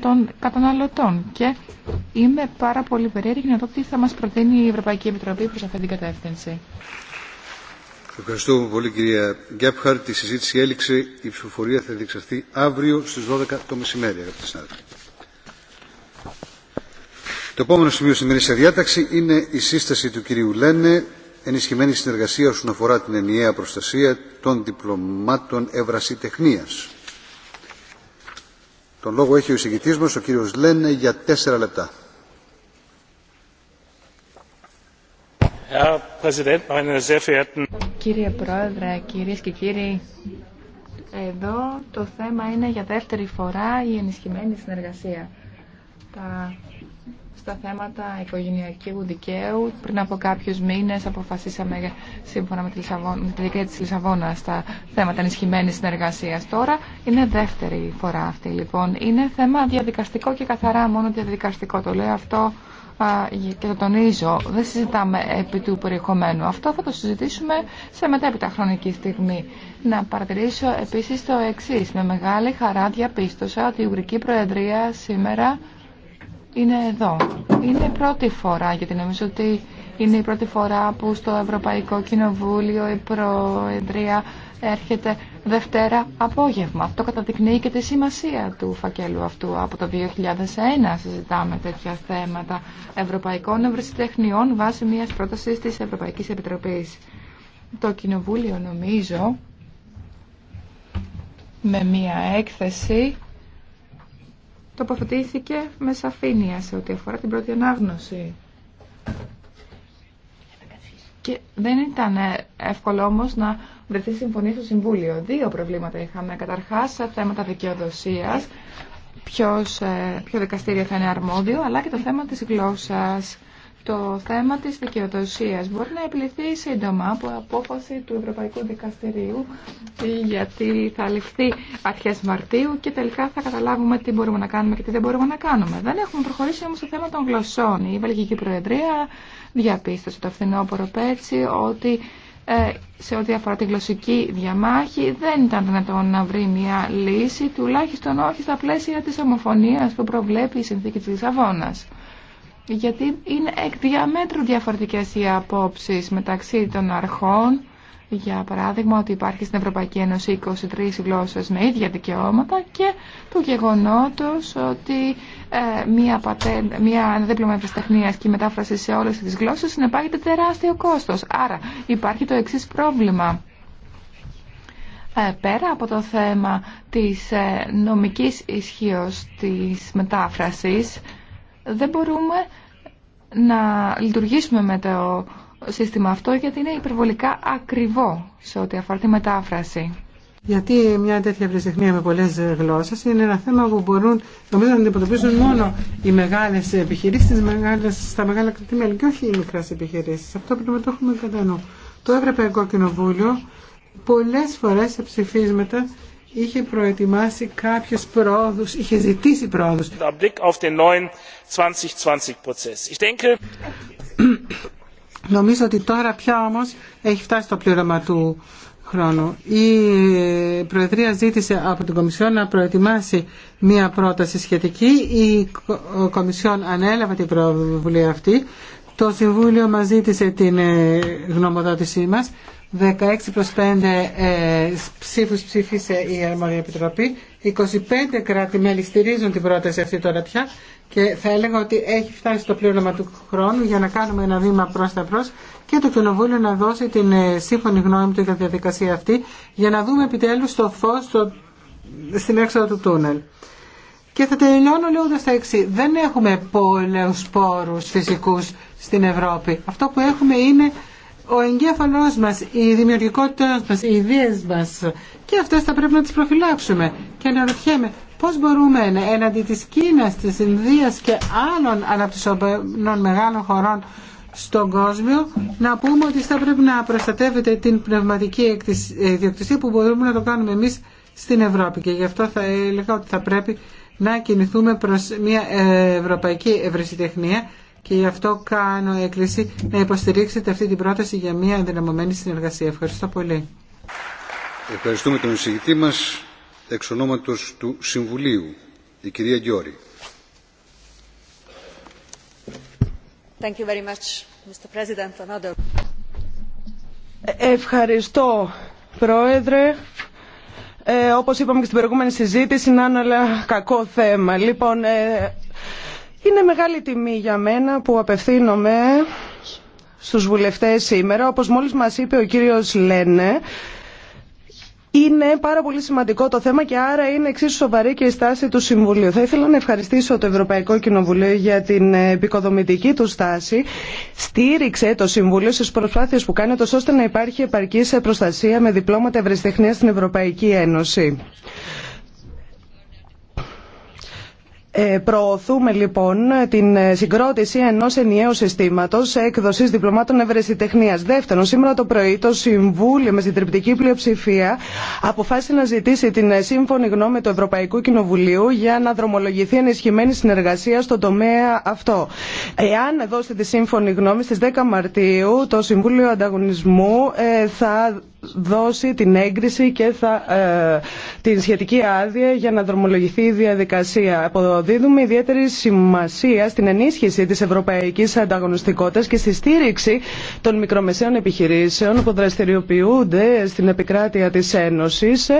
των καταναλωτών. Και είμαι πάρα πολύ περίεργη να δω τι θα μας προτείνει η Ευρωπαϊκή Επιτροπή προς αυτή την κατεύθυνση. Ευχαριστούμε πολύ κυρία Γκέπχαρτ. Η συζήτηση έληξε. Η ψηφοφορία θα διεξαχθεί αύριο στις 12 το μεσημέρι, αγαπητοί συνάδελφοι. Το επόμενο σημείο στην σε διάταξη είναι η σύσταση του κυρίου Λένε ενισχυμένη συνεργασία όσον αφορά την ενιαία προστασία των διπλωμάτων ευρασιτεχνίας. Τον λόγο έχει ο εισηγητής μας, ο κύριος Λένε, για τέσσερα λεπτά. Κύριε Πρόεδρε, κυρίες και κύριοι, εδώ το θέμα είναι για δεύτερη φορά η ενισχυμένη συνεργασία. Τα στα θέματα οικογενειακού δικαίου. Πριν από κάποιους μήνες αποφασίσαμε σύμφωνα με τη, Λισαβόνα, με τη της Λισαβόνα στα θέματα ενισχυμένης συνεργασίας. Τώρα είναι δεύτερη φορά αυτή λοιπόν. Είναι θέμα διαδικαστικό και καθαρά μόνο διαδικαστικό. Το λέω αυτό και το τονίζω, δεν συζητάμε επί του περιεχομένου. Αυτό θα το συζητήσουμε σε μετέπειτα χρονική στιγμή. Να παρατηρήσω επίσης το εξής. Με μεγάλη χαρά διαπίστωσα ότι η Ουγγρική Προεδρία σήμερα είναι εδώ. Είναι πρώτη φορά, γιατί νομίζω ότι είναι η πρώτη φορά που στο Ευρωπαϊκό Κοινοβούλιο η Προεδρία έρχεται Δευτέρα απόγευμα. Αυτό καταδεικνύει και τη σημασία του φακέλου αυτού. Από το 2001 συζητάμε τέτοια θέματα ευρωπαϊκών ευρεσιτεχνιών βάσει μιας πρότασης της Ευρωπαϊκής Επιτροπής. Το Κοινοβούλιο νομίζω με μια έκθεση τοποθετήθηκε με σαφήνεια σε ό,τι αφορά την πρώτη ανάγνωση. Και δεν ήταν εύκολο όμω να βρεθεί συμφωνία στο Συμβούλιο. Δύο προβλήματα είχαμε. Καταρχά, θέματα δικαιοδοσία, ε, ποιο δικαστήριο θα είναι αρμόδιο, αλλά και το θέμα τη γλώσσα. Το θέμα της δικαιοδοσίας μπορεί να επιληθεί σύντομα από απόφαση του Ευρωπαϊκού Δικαστηρίου γιατί θα ληφθεί αρχές Μαρτίου και τελικά θα καταλάβουμε τι μπορούμε να κάνουμε και τι δεν μπορούμε να κάνουμε. Δεν έχουμε προχωρήσει όμως στο θέμα των γλωσσών. Η Βελγική Προεδρία διαπίστωσε το φθινόπωρο πέρσι ότι ε, σε ό,τι αφορά τη γλωσσική διαμάχη δεν ήταν δυνατόν να βρει μια λύση τουλάχιστον όχι στα πλαίσια της ομοφωνίας που προβλέπει η συνθήκη της Λισαβόνας γιατί είναι εκ διαμέτρου διαφορετικές οι απόψεις μεταξύ των αρχών, για παράδειγμα ότι υπάρχει στην Ευρωπαϊκή Ένωση 23 γλώσσες με ίδια δικαιώματα και του γεγονότος ότι ε, μία, μία δίπλωμα ευρεσιτεχνίας και μετάφραση σε όλες τις γλώσσες συνεπάγεται τεράστιο κόστος. Άρα υπάρχει το εξής πρόβλημα. Ε, πέρα από το θέμα της ε, νομικής ισχύως της μετάφρασης, δεν μπορούμε να λειτουργήσουμε με το σύστημα αυτό γιατί είναι υπερβολικά ακριβό σε ό,τι αφορά τη μετάφραση. Γιατί μια τέτοια ευρεσιτεχνία με πολλέ γλώσσε είναι ένα θέμα που μπορούν νομίζω να αντιμετωπίσουν μόνο οι μεγάλε επιχειρήσει στα μεγάλα κρατημέλη και όχι οι μικρέ επιχειρήσει. Αυτό πρέπει να το έχουμε κατά νου. Το Ευρωπαϊκό Κοινοβούλιο πολλέ φορέ σε ψηφίσματα είχε προετοιμάσει κάποιες πρόοδους, είχε ζητήσει πρόοδους. Νομίζω ότι τώρα πια όμως έχει φτάσει το πλήρωμα του χρόνου. Η ε, Προεδρία ζήτησε από την Κομισιόν να προετοιμάσει μία πρόταση σχετική. Η Κομισιόν ανέλαβε την πρωτοβουλία αυτή. Το Συμβούλιο μας ζήτησε την ε, γνωμοδότησή μας. 16 προς 5 ε, ψήφους ψήφισε η Αρμόδια Επιτροπή. 25 κράτη-μέλη στηρίζουν την πρόταση αυτή τώρα πια και θα έλεγα ότι έχει φτάσει το πλήρωμα του χρόνου για να κάνουμε ένα βήμα προ τα προς και το Κοινοβούλιο να δώσει την ε, σύμφωνη γνώμη του για τη διαδικασία αυτή για να δούμε επιτέλου το φω στην έξοδο του τούνελ. Και θα τελειώνω λέγοντα τα εξή. Δεν έχουμε πολλού πόρου φυσικού στην Ευρώπη. Αυτό που έχουμε είναι ο εγκέφαλός μας, η δημιουργικότητά μας, οι ιδέες μας και αυτέ θα πρέπει να τις προφυλάξουμε. Και αναρωτιέμαι πώς μπορούμε έναντι της Κίνας, της Ινδίας και άλλων αναπτυσσομένων μεγάλων χωρών στον κόσμο να πούμε ότι θα πρέπει να προστατεύεται την πνευματική ιδιοκτησία που μπορούμε να το κάνουμε εμείς στην Ευρώπη και γι' αυτό θα έλεγα ότι θα πρέπει να κινηθούμε προς μια ε, ευρωπαϊκή ευρεσιτεχνία και γι' αυτό κάνω έκκληση να υποστηρίξετε αυτή την πρόταση για μια ενδυναμωμένη συνεργασία. Ευχαριστώ πολύ. Ευχαριστούμε τον εισηγητή μας εξ του Συμβουλίου, η κυρία Γιώρη. Thank you very much, Mr. President. Ευχαριστώ, Πρόεδρε. Ε, όπως είπαμε και στην προηγούμενη συζήτηση, είναι ένα κακό θέμα. Λοιπόν, ε, είναι μεγάλη τιμή για μένα που απευθύνομαι στους βουλευτές σήμερα. Όπως μόλις μας είπε ο κύριος Λένε, είναι πάρα πολύ σημαντικό το θέμα και άρα είναι εξίσου σοβαρή και η στάση του Συμβουλίου. Θα ήθελα να ευχαριστήσω το Ευρωπαϊκό Κοινοβουλίο για την επικοδομητική του στάση. Στήριξε το Συμβούλιο στι προσπάθειε που κάνει ώστε να υπάρχει επαρκή προστασία με διπλώματα ευρεσιτεχνία στην Ευρωπαϊκή Ένωση. Ε, προωθούμε λοιπόν την συγκρότηση ενό ενιαίου συστήματο έκδοση διπλωμάτων ευρεσιτεχνία. Δεύτερον, σήμερα το πρωί το Συμβούλιο με συντριπτική πλειοψηφία αποφάσισε να ζητήσει την σύμφωνη γνώμη του Ευρωπαϊκού Κοινοβουλίου για να δρομολογηθεί ενισχυμένη συνεργασία στον τομέα αυτό. Εάν δώσετε τη σύμφωνη γνώμη στι 10 Μαρτίου, το Συμβούλιο Ανταγωνισμού ε, θα δώσει την έγκριση και θα, ε, την σχετική άδεια για να δρομολογηθεί η διαδικασία. Αποδίδουμε ιδιαίτερη σημασία στην ενίσχυση της ευρωπαϊκής ανταγωνιστικότητας και στη στήριξη των μικρομεσαίων επιχειρήσεων που δραστηριοποιούνται στην επικράτεια της Ένωσης.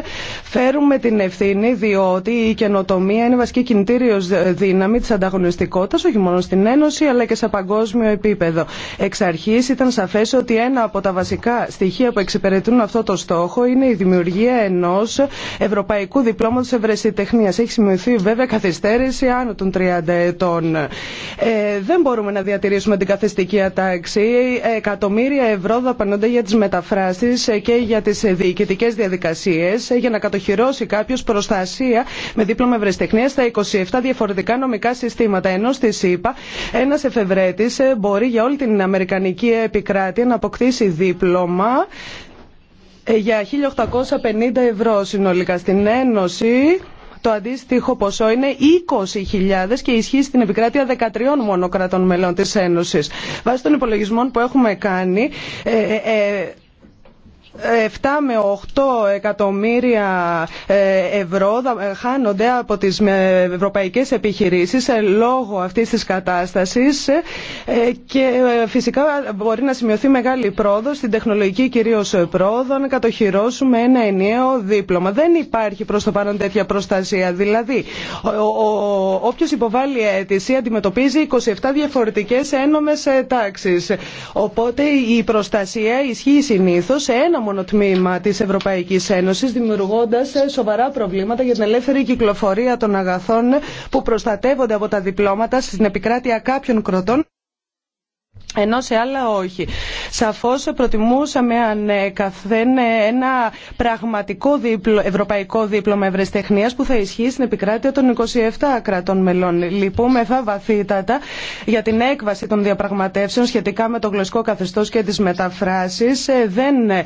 Φέρουμε την ευθύνη διότι η καινοτομία είναι βασική κινητήριος δύναμη της ανταγωνιστικότητας όχι μόνο στην Ένωση αλλά και σε παγκόσμιο επίπεδο. Εξ αρχής ήταν σαφές ότι ένα από τα βασικά στοιχεία που εξυπηρετούν αυτό το στόχο είναι η δημιουργία ενό ευρωπαϊκού διπλώματο ευρεσιτεχνία. Έχει σημειωθεί βέβαια καθυστέρηση άνω των 30 ετών. Ε, δεν μπορούμε να διατηρήσουμε την καθεστική ατάξη. Εκατομμύρια ευρώ δαπανώνται για τι μεταφράσει και για τι διοικητικέ διαδικασίε για να κατοχυρώσει κάποιο προστασία με δίπλωμα ευρεσιτεχνία στα 27 διαφορετικά νομικά συστήματα. Ενώ στη ΣΥΠΑ ένα εφευρέτη μπορεί για όλη την Αμερικανική επικράτεια να αποκτήσει δίπλωμα ε, για 1.850 ευρώ συνολικά στην Ένωση. Το αντίστοιχο ποσό είναι 20.000 και ισχύει στην επικράτεια 13 μόνο μελών της Ένωσης. Βάσει των υπολογισμών που έχουμε κάνει, ε, ε, 7 με 8 εκατομμύρια ε, ευρώ ε, χάνονται από τις ε, ευρωπαϊκές επιχειρήσεις λόγω αυτής της κατάστασης και φυσικά μπορεί να σημειωθεί μεγάλη πρόοδο στην τεχνολογική κυρίως πρόοδο να κατοχυρώσουμε ένα ενιαίο δίπλωμα. Δεν υπάρχει προς το παρόν τέτοια προστασία. Δηλαδή, ο όποιος υποβάλλει αίτηση αντιμετωπίζει 27 διαφορετικές ένομες τάξεις. Οπότε η προστασία ισχύει συνήθως σε ένα μόνο τμήμα της Ευρωπαϊκής Ένωσης, δημιουργώντας σοβαρά προβλήματα για την ελεύθερη κυκλοφορία των αγαθών που προστατεύονται από τα διπλώματα στην επικράτεια κάποιων κροτών ενώ σε άλλα όχι. Σαφώς προτιμούσαμε ανέκαθεν ένα πραγματικό δίπλο, ευρωπαϊκό δίπλωμα ευρεσιτεχνίας που θα ισχύει στην επικράτεια των 27 κρατών μελών. Λυπούμεθα βαθύτατα για την έκβαση των διαπραγματεύσεων σχετικά με το γλωσσικό καθεστώς και τις μεταφράσεις. Ε, δεν ε,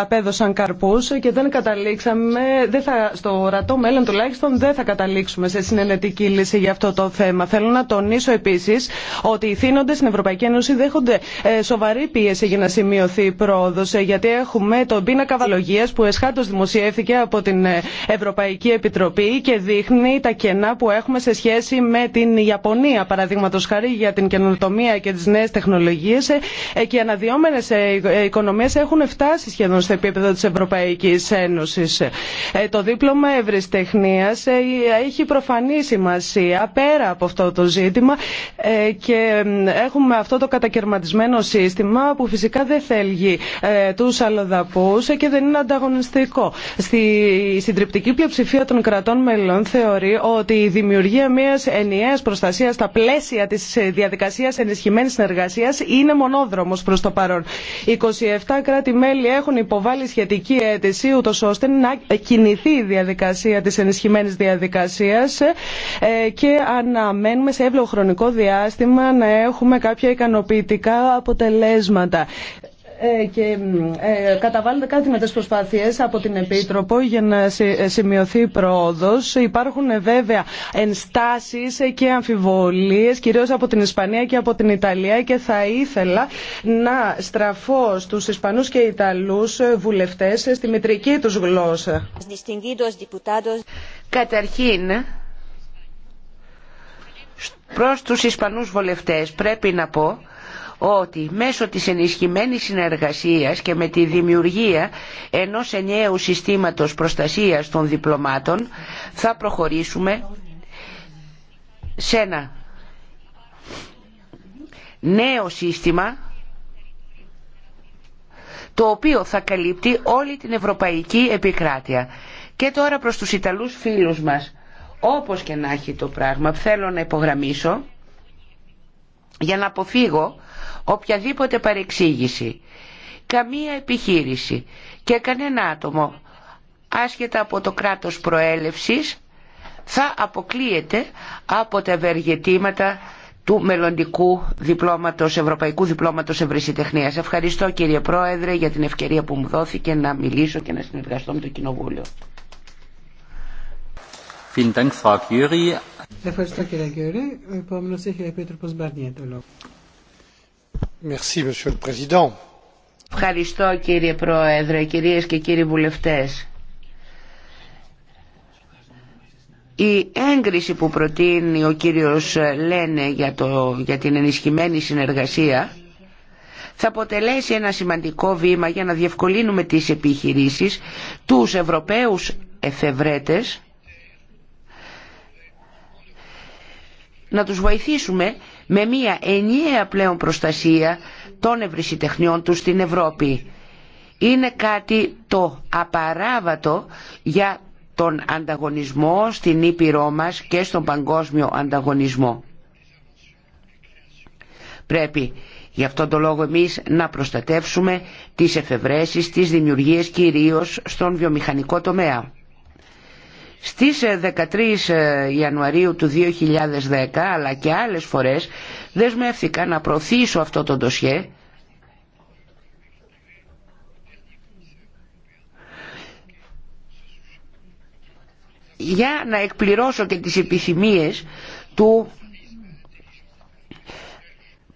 απέδωσαν καρπούς και δεν καταλήξαμε, δεν θα, στο ορατό μέλλον τουλάχιστον δεν θα καταλήξουμε σε συνενετική λύση για αυτό το θέμα. Θέλω να τονίσω επίσης ότι οι στην Ευρωπαϊκή Ένωση δέχονται ε, σοβαρή πίεση για να σημειωθεί πρόοδο, ε, γιατί έχουμε τον πίνακα βαλογία που εσχάτω δημοσιεύθηκε από την ε, Ευρωπαϊκή Επιτροπή και δείχνει τα κενά που έχουμε σε σχέση με την Ιαπωνία, παραδείγματο χάρη για την καινοτομία και τι νέε τεχνολογίε. Και οι αναδυόμενε οικονομίε έχουν φτάσει σχεδόν στο επίπεδο τη Ευρωπαϊκή Ένωση. Το δίπλωμα ευρεσιτεχνία έχει προφανή σημασία πέρα από αυτό το ζήτημα και έχουμε αυτό το το κατακαιρματισμένο σύστημα που φυσικά δεν θέλει ε, τους αλλοδαπούς και δεν είναι ανταγωνιστικό. Στη συντριπτική πλειοψηφία των κρατών μελών θεωρεί ότι η δημιουργία μια ενιαία προστασία, στα πλαίσια τη διαδικασία ενισχυμένη συνεργασία είναι μονόδρομο προ το παρόν. 27 κράτη-μέλη έχουν υποβάλει σχετική αίτηση ούτω ώστε να κινηθεί η διαδικασία της ενισχυμένης διαδικασίας ε, και αναμένουμε σε εύλογο χρονικό διάστημα να έχουμε κάποια ικανοποίηση ικανοποιητικά αποτελέσματα ε, και ε, καταβάλλονται κάθε προσπάθειες από την Επίτροπο για να ε, σημειωθεί πρόοδος. Υπάρχουν βέβαια ενστάσεις και αμφιβολίες κυρίως από την Ισπανία και από την Ιταλία και θα ήθελα να στραφώ στους Ισπανούς και Ιταλούς βουλευτές στη μητρική τους γλώσσα. Καταρχήν, Προς τους Ισπανούς βολευτές πρέπει να πω ότι μέσω της ενισχυμένης συνεργασίας και με τη δημιουργία ενός ενιαίου συστήματος προστασίας των διπλωμάτων θα προχωρήσουμε σε ένα νέο σύστημα το οποίο θα καλύπτει όλη την ευρωπαϊκή επικράτεια. Και τώρα προς τους Ιταλούς φίλους μας. Όπως και να έχει το πράγμα, θέλω να υπογραμμίσω για να αποφύγω οποιαδήποτε παρεξήγηση. Καμία επιχείρηση και κανένα άτομο, άσχετα από το κράτος προέλευσης, θα αποκλείεται από τα ευεργετήματα του μελλοντικού διπλώματος, ευρωπαϊκού διπλώματος ευρεσιτεχνίας. Ευχαριστώ κύριε Πρόεδρε για την ευκαιρία που μου δόθηκε να μιλήσω και να συνεργαστώ με το Κοινοβούλιο. Ευχαριστώ κύριε κύριε Πρόεδρε, κυρίες και κύριοι βουλευτές. Η έγκριση που προτείνει ο κύριος Λένε για, το, για την ενισχυμένη συνεργασία θα αποτελέσει ένα σημαντικό βήμα για να διευκολύνουμε τις επιχειρήσεις, τους Ευρωπαίους εφευρέτες να τους βοηθήσουμε με μια ενιαία πλέον προστασία των ευρυσιτεχνιών τους στην Ευρώπη. Είναι κάτι το απαράβατο για τον ανταγωνισμό στην Ήπειρό μας και στον παγκόσμιο ανταγωνισμό. Πρέπει γι' αυτόν τον λόγο εμείς να προστατεύσουμε τις εφευρέσεις, τις δημιουργίες κυρίως στον βιομηχανικό τομέα. Στις 13 ε, ε, Ιανουαρίου του 2010 αλλά και άλλες φορές δεσμεύθηκα να προωθήσω αυτό το ντοσιέ για να εκπληρώσω και τις επιθυμίες του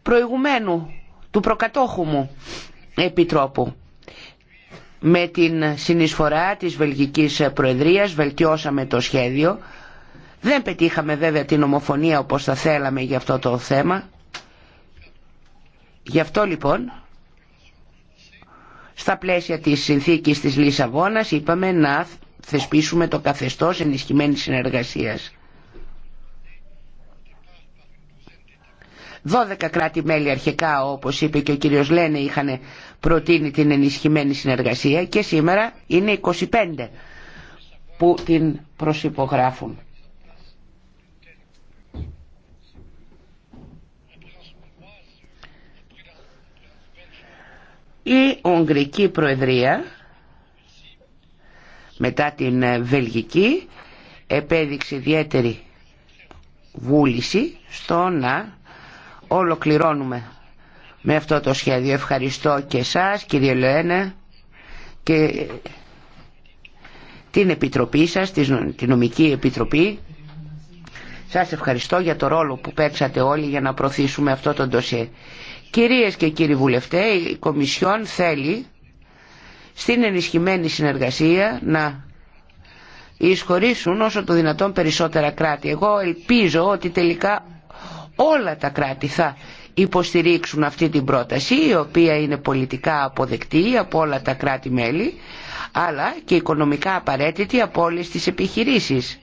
προηγουμένου, του προκατόχου μου επιτρόπου. Με την συνεισφορά της Βελγικής Προεδρίας βελτιώσαμε το σχέδιο. Δεν πετύχαμε βέβαια την ομοφωνία όπως θα θέλαμε για αυτό το θέμα. Γι' αυτό λοιπόν, στα πλαίσια της συνθήκης της Λισαβόνας είπαμε να θεσπίσουμε το καθεστώς ενισχυμένης συνεργασίας. 12 κράτη-μέλη αρχικά, όπως είπε και ο κύριος Λένε, είχαν προτείνει την ενισχυμένη συνεργασία και σήμερα είναι 25 που την προσυπογράφουν. Η Ουγγρική Προεδρία μετά την Βελγική επέδειξε ιδιαίτερη βούληση στο να ολοκληρώνουμε με αυτό το σχέδιο. Ευχαριστώ και εσάς κύριε Λένε και την Επιτροπή σας, την Νομική Επιτροπή. Σας ευχαριστώ για το ρόλο που παίξατε όλοι για να προωθήσουμε αυτό το ντοσέ. Κυρίες και κύριοι βουλευτές, η Κομισιόν θέλει στην ενισχυμένη συνεργασία να εισχωρήσουν όσο το δυνατόν περισσότερα κράτη. Εγώ ελπίζω ότι τελικά όλα τα κράτη θα υποστηρίξουν αυτή την πρόταση η οποία είναι πολιτικά αποδεκτή από όλα τα κράτη-μέλη αλλά και οικονομικά απαραίτητη από όλες τις επιχειρήσεις.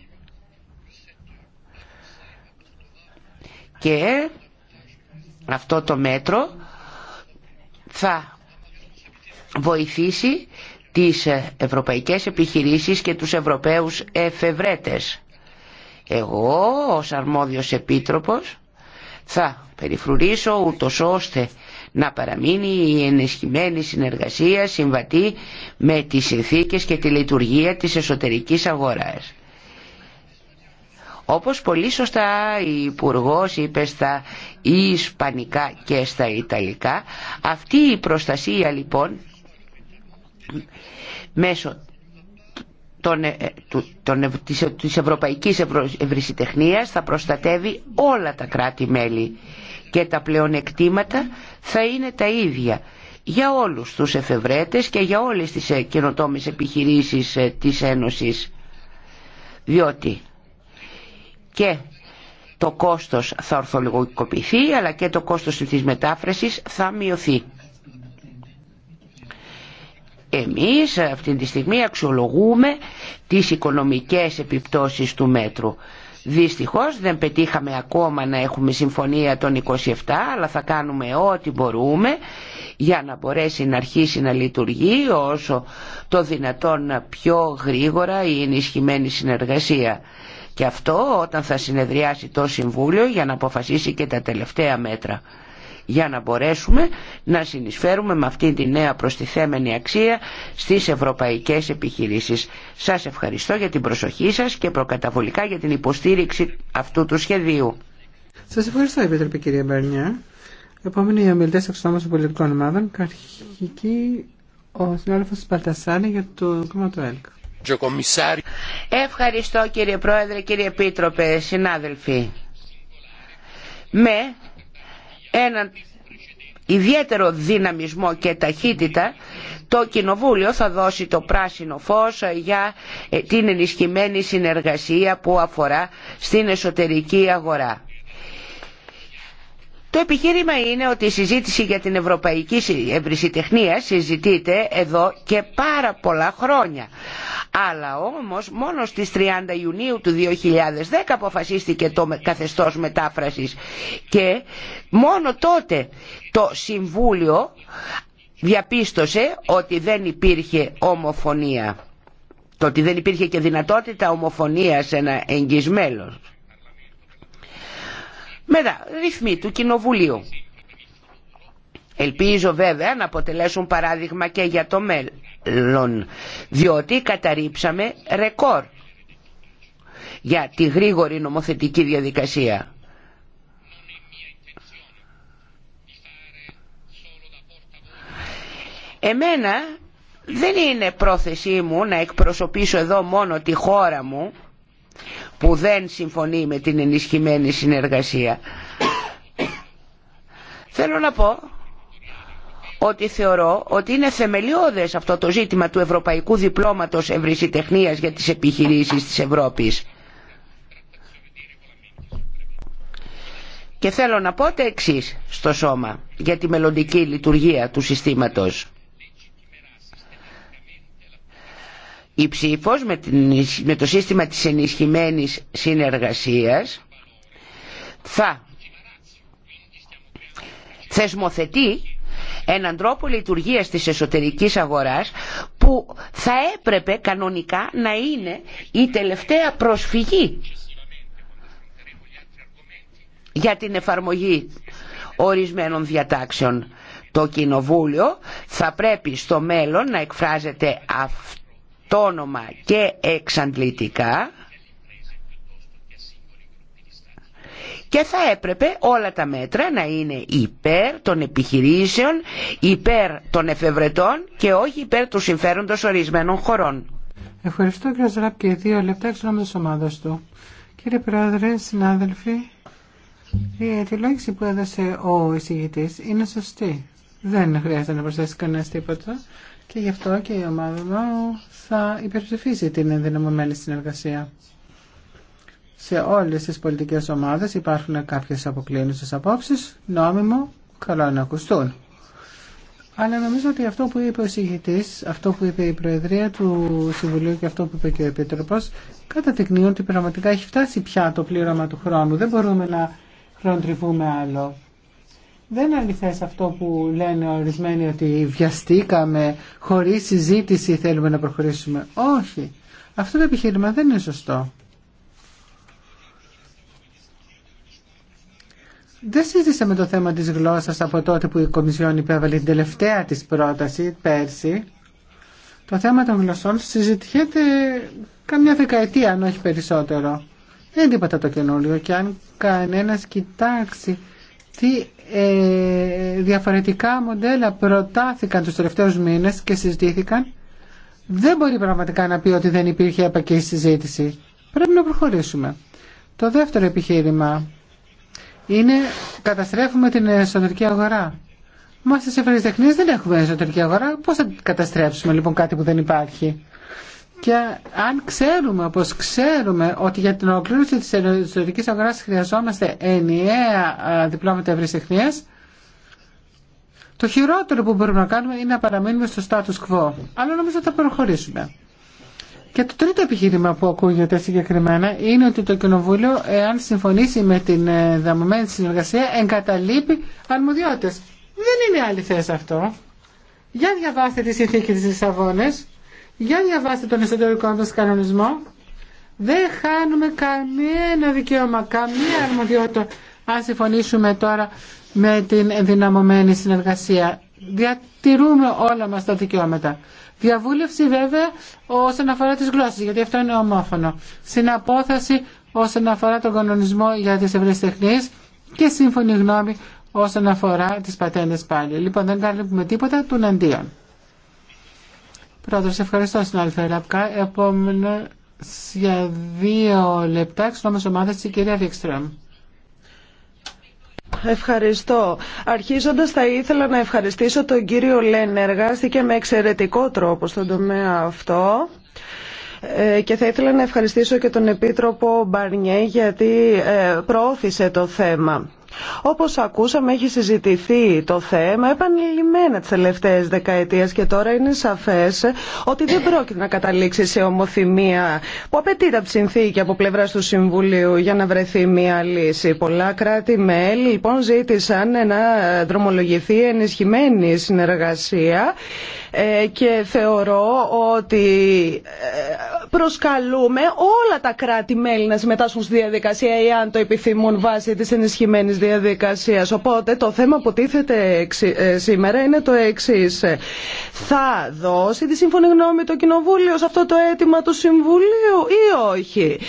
Και αυτό το μέτρο θα βοηθήσει τις ευρωπαϊκές επιχειρήσεις και τους ευρωπαίους εφευρέτες. Εγώ ως αρμόδιος επίτροπος θα περιφρουρήσω ούτω ώστε να παραμείνει η ενισχυμένη συνεργασία συμβατή με τις συνθήκες και τη λειτουργία της εσωτερικής αγοράς. Όπως πολύ σωστά η υπουργό είπε στα Ισπανικά και στα Ιταλικά, αυτή η προστασία λοιπόν μέσω των, ε, των, ε, της, της Ευρωπαϊκής Ευρυσιτεχνίας θα προστατεύει όλα τα κράτη-μέλη και τα πλεονεκτήματα θα είναι τα ίδια για όλους τους εφευρέτες και για όλες τις ε, καινοτόμες επιχειρήσεις της Ένωσης διότι και το κόστος θα ορθολογικοποιηθεί αλλά και το κόστος της μετάφρασης θα μειωθεί. Εμείς ε, αυτή τη στιγμή αξιολογούμε τις οικονομικές επιπτώσεις του μέτρου. Δυστυχώς δεν πετύχαμε ακόμα να έχουμε συμφωνία των 27, αλλά θα κάνουμε ό,τι μπορούμε για να μπορέσει να αρχίσει να λειτουργεί όσο το δυνατόν πιο γρήγορα η ενισχυμένη συνεργασία. Και αυτό όταν θα συνεδριάσει το Συμβούλιο για να αποφασίσει και τα τελευταία μέτρα για να μπορέσουμε να συνεισφέρουμε με αυτή τη νέα προστιθέμενη αξία στις ευρωπαϊκές επιχειρήσεις. Σας ευχαριστώ για την προσοχή σας και προκαταβολικά για την υποστήριξη αυτού του σχεδίου. Σας ευχαριστώ Επίτροπε κυρία Μπέρνια. Επόμενη οι ομιλητέ εξ των πολιτικών ομάδων, καρχική ο συνάδελφο Παλτασάνη για το κόμμα του ΕΛΚ. Ευχαριστώ κύριε Πρόεδρε, κύριε Επίτροπε, συνάδελφοι. Με έναν ιδιαίτερο δυναμισμό και ταχύτητα το Κοινοβούλιο θα δώσει το πράσινο φως για ε, την ενισχυμένη συνεργασία που αφορά στην εσωτερική αγορά. Το επιχείρημα είναι ότι η συζήτηση για την ευρωπαϊκή ευρυσιτεχνία συζητείται εδώ και πάρα πολλά χρόνια. Αλλά όμως μόνο στις 30 Ιουνίου του 2010 αποφασίστηκε το καθεστώς μετάφρασης και μόνο τότε το Συμβούλιο διαπίστωσε ότι δεν υπήρχε ομοφωνία. Το ότι δεν υπήρχε και δυνατότητα ομοφωνίας σε ένα εγγυσμένος ρυθμοί του Κοινοβουλίου. Ελπίζω βέβαια να αποτελέσουν παράδειγμα και για το μέλλον, διότι καταρρίψαμε ρεκόρ για τη γρήγορη νομοθετική διαδικασία. Εμένα δεν είναι πρόθεσή μου να εκπροσωπήσω εδώ μόνο τη χώρα μου, που δεν συμφωνεί με την ενισχυμένη συνεργασία. Θέλω να πω ότι θεωρώ ότι είναι θεμελιώδες αυτό το ζήτημα του Ευρωπαϊκού Διπλώματος Ευρυσιτεχνίας για τις επιχειρήσεις της Ευρώπης. Και θέλω να πω το στο σώμα για τη μελλοντική λειτουργία του συστήματος. Η ψήφος με, με το σύστημα της ενισχυμένης συνεργασίας θα θεσμοθετεί έναν τρόπο λειτουργίας της εσωτερικής αγοράς που θα έπρεπε κανονικά να είναι η τελευταία προσφυγή για την εφαρμογή ορισμένων διατάξεων. Το Κοινοβούλιο θα πρέπει στο μέλλον να εκφράζεται αυτό όνομα και εξαντλητικά και θα έπρεπε όλα τα μέτρα να είναι υπέρ των επιχειρήσεων, υπέρ των εφευρετών και όχι υπέρ του συμφέροντος ορισμένων χωρών. Ευχαριστώ κύριε Ζραπ και δύο λεπτά εξ ομάδα του. Κύριε Πρόεδρε, συνάδελφοι, η αιτηλόγηση που έδωσε ο εισηγητής είναι σωστή. Δεν χρειάζεται να προσθέσει κανένα τίποτα και γι' αυτό και η ομάδα μου θα υπερψηφίσει την ενδυναμωμένη συνεργασία. Σε όλες τις πολιτικές ομάδες υπάρχουν κάποιες αποκλίνουσες απόψεις, νόμιμο, καλό να ακουστούν. Αλλά νομίζω ότι αυτό που είπε ο συγχητής, αυτό που είπε η Προεδρία του Συμβουλίου και αυτό που είπε και ο Επίτροπος, καταδεικνύουν ότι πραγματικά έχει φτάσει πια το πλήρωμα του χρόνου. Δεν μπορούμε να χρονοτριβούμε άλλο. Δεν είναι αυτό που λένε ορισμένοι ότι βιαστήκαμε, χωρίς συζήτηση θέλουμε να προχωρήσουμε. Όχι. Αυτό το επιχείρημα δεν είναι σωστό. Δεν συζήτησαμε το θέμα της γλώσσας από τότε που η Κομισιόν υπέβαλε την τελευταία της πρόταση πέρσι. Το θέμα των γλωσσών συζητιέται καμιά δεκαετία, αν όχι περισσότερο. Δεν είναι τίποτα το καινούριο και αν κανένας κοιτάξει τι ε, διαφορετικά μοντέλα προτάθηκαν τους τελευταίους μήνες και συζητήθηκαν δεν μπορεί πραγματικά να πει ότι δεν υπήρχε επακή συζήτηση. Πρέπει να προχωρήσουμε. Το δεύτερο επιχείρημα είναι καταστρέφουμε την εσωτερική αγορά. Μα στι ευρεσιτεχνίε δεν έχουμε εσωτερική αγορά. Πώς θα καταστρέψουμε λοιπόν κάτι που δεν υπάρχει. Και αν ξέρουμε, όπως ξέρουμε, ότι για την ολοκλήρωση της εσωτερικής αγοράς χρειαζόμαστε ενιαία διπλώματα ευρυσεχνίας, το χειρότερο που μπορούμε να κάνουμε είναι να παραμείνουμε στο status quo. Αλλά νομίζω θα προχωρήσουμε. Και το τρίτο επιχείρημα που ακούγεται συγκεκριμένα είναι ότι το Κοινοβούλιο, εάν συμφωνήσει με την ε, δαμωμένη συνεργασία, εγκαταλείπει αρμοδιότητες. Δεν είναι άλλη θέση αυτό. Για διαβάστε τη συνθήκη της Λισαβόνες για διαβάστε τον εσωτερικό μας κανονισμό. Δεν χάνουμε κανένα δικαίωμα, καμία αρμοδιότητα αν συμφωνήσουμε τώρα με την ενδυναμωμένη συνεργασία. Διατηρούμε όλα μας τα δικαιώματα. Διαβούλευση βέβαια όσον αφορά τις γλώσσες, γιατί αυτό είναι ομόφωνο. Συναπόθεση όσον αφορά τον κανονισμό για τις ευρεσιτεχνίες και σύμφωνη γνώμη όσον αφορά τις πατέντες πάλι. Λοιπόν, δεν κάνουμε τίποτα του αντίον. Πρόεδρο, ευχαριστώ συνάδελφε Ραπκά. Επόμενο για δύο λεπτά, εξ ομάδα η κυρία Βίξτραμ. Ευχαριστώ. Αρχίζοντα θα ήθελα να ευχαριστήσω τον κύριο Λένε. Εργάστηκε με εξαιρετικό τρόπο στον τομέα αυτό ε, και θα ήθελα να ευχαριστήσω και τον Επίτροπο Μπαρνιέ γιατί ε, προώθησε το θέμα. Όπως ακούσαμε έχει συζητηθεί το θέμα επανειλημμένα τις τελευταίες δεκαετίες και τώρα είναι σαφές ότι δεν πρόκειται να καταλήξει σε ομοθυμία που απαιτείται από συνθήκη από πλευρά του Συμβουλίου για να βρεθεί μια λύση. Πολλά κράτη-μέλη λοιπόν ζήτησαν να δρομολογηθεί ενισχυμένη συνεργασία ε, και θεωρώ ότι ε, προσκαλούμε όλα τα κράτη-μέλη να συμμετάσχουν στη διαδικασία ή αν το επιθυμούν βάσει της ενισχυμένης διαδικασίας. Οπότε το θέμα που τίθεται ε, σήμερα είναι το εξή. Θα δώσει τη σύμφωνη γνώμη το Κοινοβούλιο σε αυτό το αίτημα του Συμβουλίου ή όχι.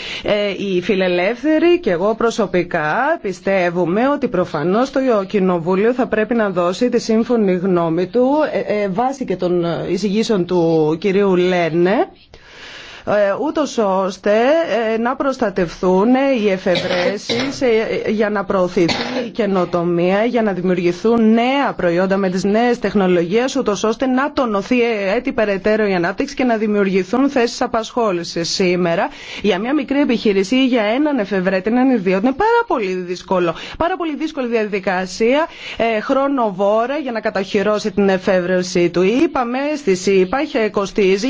οι φιλελεύθεροι και εγώ προσωπικά πιστεύουμε ότι προφανώς το Κοινοβούλιο θα πρέπει να δώσει τη σύμφωνη γνώμη του βάσει και των εισηγήσεων του κυρίου Λένε ε, ούτως ώστε ε, να προστατευθούν οι εφευρέσεις ε, για να προωθηθεί η καινοτομία, για να δημιουργηθούν νέα προϊόντα με τις νέες τεχνολογίες, ούτως ώστε να τονωθεί έτσι περαιτέρω η ανάπτυξη και να δημιουργηθούν θέσεις απασχόλησης σήμερα. Για μια μικρή επιχείρηση ή για έναν εφευρέτη, έναν ιδιότητα, είναι πάρα πολύ δύσκολο. Πάρα πολύ δύσκολη διαδικασία, χρονοβόρα για να καταχειρώσει την εφεύρεση του. Είπαμε στη ΣΥΠΑ, κοστίζει